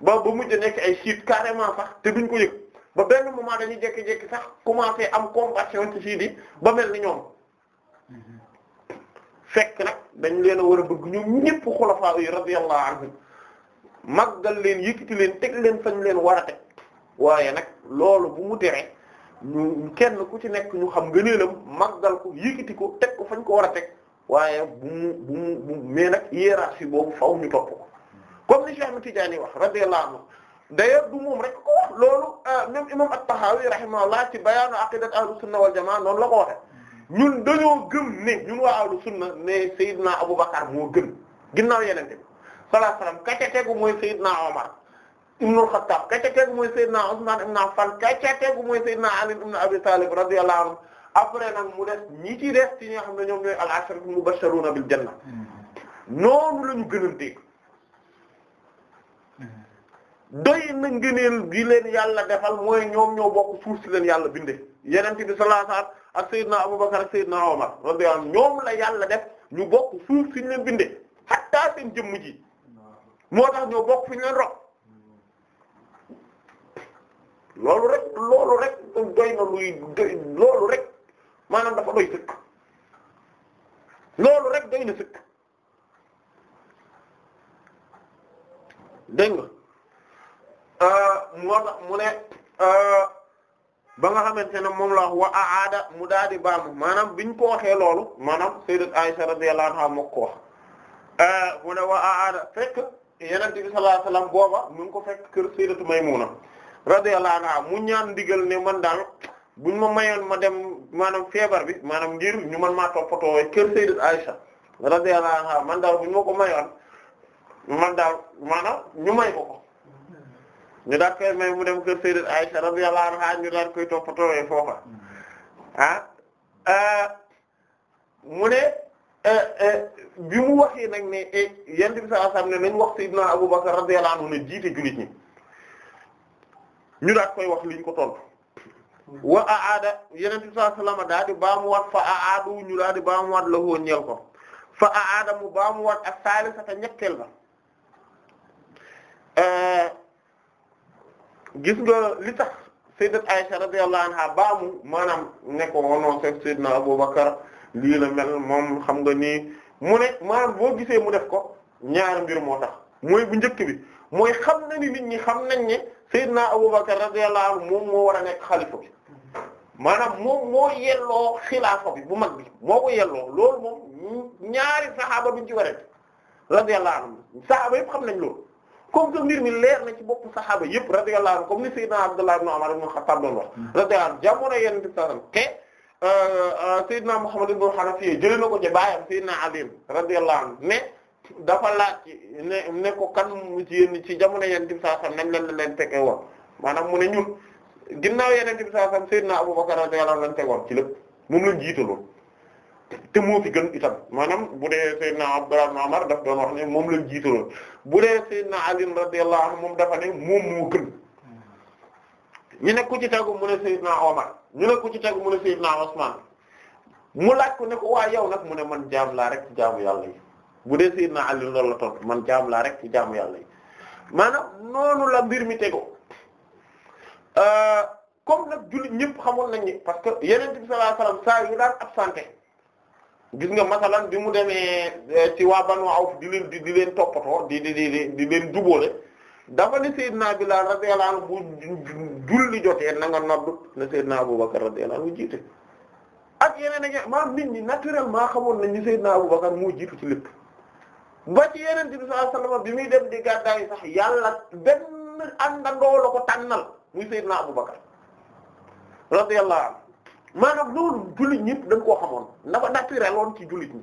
ba ba mujj nekk ay siit carrément sax te duñ ko yëg ba benn moment dañuy jékki-jékki sax commencé am compassion ci siit yi ba mel ni ñoom fekk nag dañ leen a war a bëgg ñu ñëpp xulafaa yi radiyallahu anhum maggal leen yëkkati leen teg leen fañ leen war a teg waaye nag loolu bu mu tere ñu kenn ku ci nekk ñu xam nga ngëneelam màggal ko yëkkati ko teg ko fañ ko war a teg waaye bu mu bu mu mais nag hiérarchie boobu faw ñu topp ko comme ni Cheikh Ahmad wax radiyallahu anhu d'ailleurs du moom rek ko wax loolu euh, même imam at-Tahawi rahimahullah ci bayaanu aqidat ahlus sunna wal jamaa noonu la ko waxe ñun dañoo gëm ne ñun waa ahlus sunna ne Seydina Aboubacar moo gën ginnaaw yeneen bi sallallahu alayhi wasallam kaca tegu mooy Seydina Omar ibnul Xattaab kaca tegu mooy Seydina Usman ibn Affan kaca tegu mooy Seydina Ali ibn Abi après nag mu def ñi ci des ci ñi nga xam ne ñoom ñooy al-asharatul mubashsharuna bil janna mm-hmm. noonu la ñu gënante mm-hmm. doy na ngëneel bi leen yàlla defal mooy ñoom ñoo bokk suuf si leen yàlla bindee yeneen bi sallallahu alayhi wasallam ak Seydina Abubakar ak Seydina Omar ñoom la yàlla def ñu bokk suuf si ñu leen bindee hatta seen jëmm ji mm-hmm. moo tax ñoo bokk fi leen rop loolu rek loolu rek doy na loolu rek. maanaam dafa doy sëkk loolu rek doy na sëkk dégg nga euh, mu ne euh, ba nga xamante ne moom la wax wa aada mu daal di baamu maanaam biñ ko waxee loolu maanaam sayyidat Aisha radiyallahu anha moo ko wax euh, mu ne wa aada fekk yonent bi sallallahu booba mu ko fekk kër sayyidat Maymuna radiyallahu anha mu ñaan ndigal ne man daal buñ ma mayoon ma dem maanaam feebar bi maanaam ngir ñu mën maa toppatoo kër Sayyidat Aisha radiyallahu anha man daal bu ñu ma ko mayoon man daal maanaam ñu may ko ñu daal koy may mu dem kër Sayyidat Aisha radiyallahu anha ñu daal koy toppatoowe foofa ah, ah mu ne eh, eh, bi mu waxee nag ne eh, yent bi sallallahu alayhi ne nañ wax Sayyidina Abu Bakr radiyallahu anhu ne jiite jullit ñu daal koy wax liñ ko tontu. wa aada yeneen bi sallallahu alayhi wasallam daal di baamuwaat fa aadu ñu daal di baamuwaat la woo ñeel ko fa aada mu baamuwaat ak saalisata ñetteel ba euh, gis nga li tax sayyidat Aisha radiyallahu anha baamu maanaam ne ko woonoo oh sef sayyidna Abubakar lii la mel moom xam nga nii mu ne maanaam boo gisee mu def ko ñaari mbir moo tax mooy bu njëkk bi mooy xam na ni ñi xam nañ ne sayyidna Abubakar radiyallahu anhu moom moo war a nekk xalifa bi maanaam moom moo yelloo xilaafa bi bu mag bi moo ko yelloo lool moom ñaari saxaaba duñ ci warante radiyallahu anhum saxaaba yëpp xam nañ loolu comme que mbir mi leer na ci bopp saxaaba yëpp radiyallahu anhum comme ni Seydina Abdullah ibn Umar ibn Khattab doon wax hmm. radiyallahu anhu jamono yenn bi saxam te euh, euh, Seydina Muhammad ibn Hanafiya jëlee na ko ci baayam Seydina Ali radiyallahu anhu ne dafa laaj ci ne ko kan ci yéen ci jamono yenn bi saxam nañ leen leen fekkee woon maanaam mu ne ginnaaw yenente bi sallallahu alayhi wasallam sayyidina Abubakar radiyallahu anhu lañ tegoon ci lépp moom lañ jiitaloon te moo fi gën itam maanaam bu dee Seydina Abdullah ibn Umar daf doon wax ne moom lañ jiitaloon bu dee Seydina Ali radiyallahu anhu moom dafa ne moom moo gën ñu ne ci tegu mu ne Seydina Omar ñu ne ci tegu mu ne Seydina Usman mu laaj ko ne ko waa yaw nag mu ne man jaam laa rek ci jaamu yàlla yi bu dee Seydina Ali loolu la tontu man jaam laa rek ci jaamu yàlla yi maanaam Euh, comme nag jullit ñëpp xamoon nañ ni parce que yeneen bi sallallahu alayhi wasallam saa yu daan absenté gis nga masalan bi mu demee euh, ci waa Banu Awf di leen di leen toppatoo di di di di leen jubóole dafa ne Seydina Bilaal radiyallahu anhu bu julli jotee na nga noddu ne Seydina Abubakar radiyallahu anhu jiite ak yeneen ak maanaam nit ñi naturellement xamoon nañ ni Seydina Abubakar moo jiitu ci lépp ba ci yeneen bi sallallahu bi muy dem di gàddaay sax yàlla benn àndandoo la ko tànnal mu muy Seydina Abubakar radiyallahu anhu maanaam loolu jullit ñëpp dañ koo xamoon na ba naturel woon ci julit ñi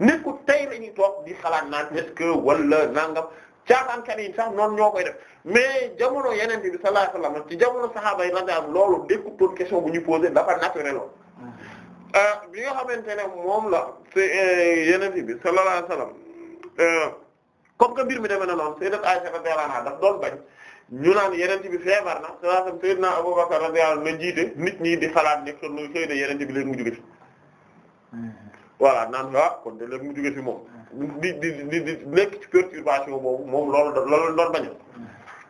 nit ku tey lañuy toog di xalaat naan est-ce que ca nangam caaxaankat yi sax noonu ñoo koy def mais jamono yeneen bi sallallahu alayhi wasallam ci jamono saxaaba yi radiyallahu loolu dékkutoon question bu ñu posé dafa naturel woon euh, bi nga xamante ne moom la euh, yeneen bi sallallahu alayhi wasallam euh, comme que mbir mi demee na noonu Sayyidat Aisha radiyallahu anha daf doon bañ. ñu naan yenente bi feebar na salaatam sayyidina Abubakar radiyallahu anhu na jiite nit ñi di xalaat ne kon xëy na yenente bi léegi mu jóge fi voilà naan ah kon de léegi mu jóge fi moom di di di di nekk ci perturbation boobu moom loolu loolu doon bañu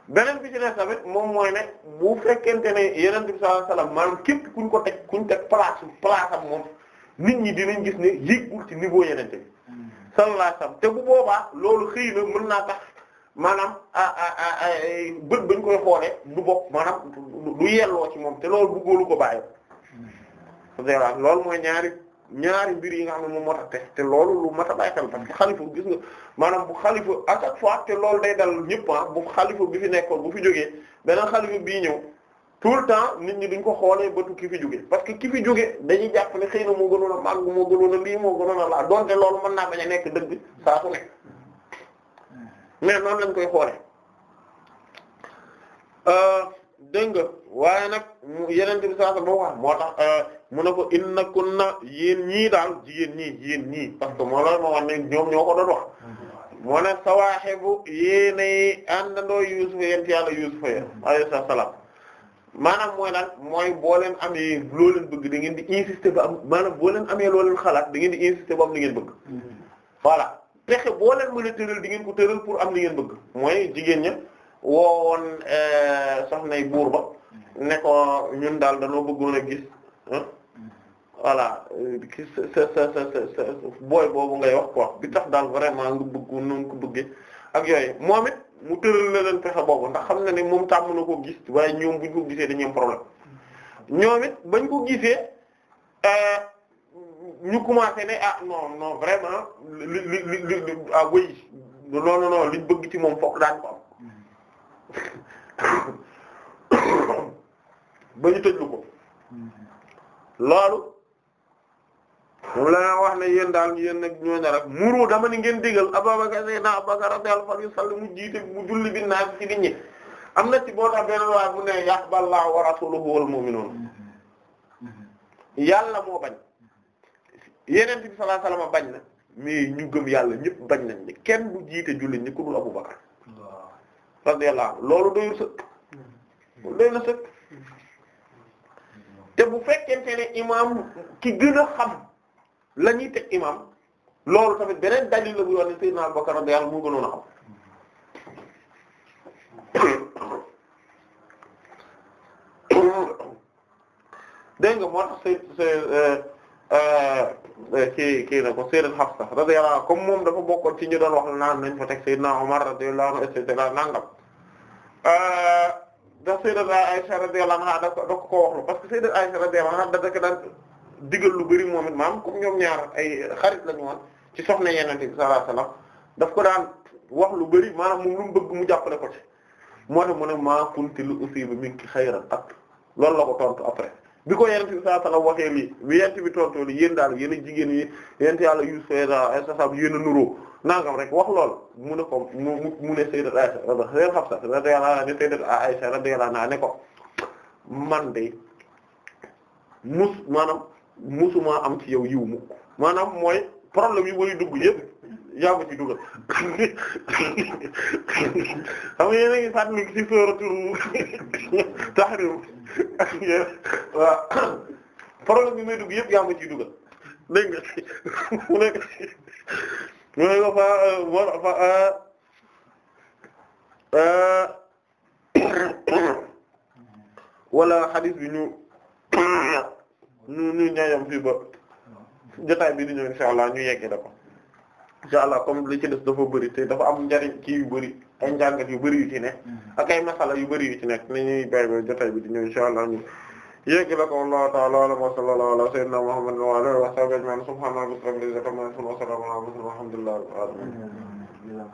beneen bi ci ne tamit moom mooy ne bu fekkente ne yeneen bi sallallahu alayhi wasallam maanaam képp kuñ ko teg kuñ teg place place am moom nit ñi dinañ gis ne yéegul ci niveau yenente bi hmm. sallallahu te bu boobaa loolu xëy na naa tax maanaam bët bañ koy xoolee du bokk maanaam du yelloo ci moom te loolu bëggoolu ko bàyyi voilà loolu mooy ñaari ñaari mbir yi nga xam ne moom moo tax te te loolu lu mat a bàyyi xel parce que xalifa gis nga maanaam bu xalifa à chaque fois te loolu day dal ñëpp ah bu xalifa bi fi nekkoon bu fi jógee beneen xalifa bii ñëw tout le temps nit ñi duñ ko xoolee bëtu ki fi jóge parce que ki jóge dañuy jàpp ne xëy na moo gënoon a màgg moo gënoon a lii moo gënoon a laa donte loolu mën naa bañ a nekk dëgg saa su nekk mais noonu lañ koy xoole euh, dégg nga waaye nag yeneen bi saa ba wax moo tax euh, mu ne ko inna kunna yéen ñii daal jigéen ñii yéen ñii parce que moo la ma wax ñoom ñoo ko doon wax moo ne sawaaxibu yéenay àndandoo Yuusuf yéen ci yàlla Yuusuf yéen alayhi salaam maanaam mooy lan mooy boo leen amee loo bëgg da ngeen di insister ba am maanaam boo leen amee loo xalaat da ngeen di insister ba am li ngeen bëgg mm-hmm. voilà pexe boo leen mën a tëral di ngeen ko tëral pour am li ngeen bëgg mooy jigéen ña woowoon eh, soxnay buur ba ne ñun daal dañoo bëggoon a gis voilà sa sa sa sa booy boobu ngay wax quoi bi tax daal vraiment nga bëgg noonu ko bëggee ak yooyu moom mu tëral na leen pexe boobu ndax xam na ne moom tàmm na ko gis waaye ñoom buñ ko gisee dañuy problème ñoom bañ ko gisee. Eh, ñu commencé ne ah non non vraiment li li li li ah oui bëgg ci moom fokk daan ko am ba ñu tëjlu ko loolu moom la nga wax ne yéen daal yéen nag ñoo ne muru dama ni ngeen digal Abubakar Seydina Abubakar radiyallahu anhu salli mu jiite mu julli bi naaj ci nit ñi am na ci boo tax benn waay mu ne yaqballahu wa rasuluhu wal mu'minun mm-hmm. Mm-hmm. yàlla moo bañ. yeneen bi sallallahu bañ na mais ñu gëm yàlla ñëpp bañ nañ ni kenn bu jiite jullit ñi ku dul Abu Bakar radiyallahu anhu loolu doyul sëkk doy na sëkk te bu fekkente ne imaam ki gën a xam la teg imaam loolu tamit beneen dalil la bu yoon ne Seydina Abu Bakar radiyallahu moo gënoon a xam dégg moo tax Euh, kii kii na ko Sayyidat Hafsa radiyallahu anha comme moom dafa bokkoon ci ñu doon wax naan nañ fa teg Sayyidna Umar radiyallahu anhu et cetera nangam euh, da Sayyidat Aisha radiyallahu anha da ko ko waxlu parce que Sayyidat Aisha radiyallahu anha da ko daan digal lu bari moom it maam comme ñoom ñaar ay xarit lañu woon ci soxna Yonent bi sallallahu alayhi wasallam daf ko daan wax lu bari maanaam moom lu mu bëgg mu jàppale ko ci moo tax mu ne maa kunti li usiiba minki xayran qat loolu la ko tontu après. bi ko yonent bi sallallahu alayhi wa sallam waxee lii bi yonent bi tontoo li yéen daal yéen a jigéen yi yonent yàlla Yuusuf sasam yéen a nuroo nangam rek wax lool mu ne ko mu mu ne sayyidat Aisha seen Hafsa radiyallahu anha sayyidat Aisha radiyallahu anha ne ko man de mus maanaam musuma am ci yow yiw mu maanaam mooy problème yi mooy dugg yëpp yaa ngi ci dugal xam nga yéen a ngi fàttali ci sóoratu Tahrim waaw problème bi may dugg yëpp yaa ma ciy dugal dégg nga mu nekk mu euh, wala xadis euh, euh, bi ñu ñu ñu ñaayam fii ba jotaay bi di ñëw insha allah ñu yeggee da insha allah comme li ci des dafa bëri te dafa am njariñ kii yu bëri ay njàngat yu bëri yu ci ne mm. ak ay yu bëri yu ci nekk ni ñuy jotaay bi di ñëw insha allah ñu yegg la ko wallahu ta'ala a'lam wa sallallahu ala sayyidina muhammad wa ala alihi wa sahbihi ajma'in subhana rabbika rabbil izzati amma yasifun wa salamun ala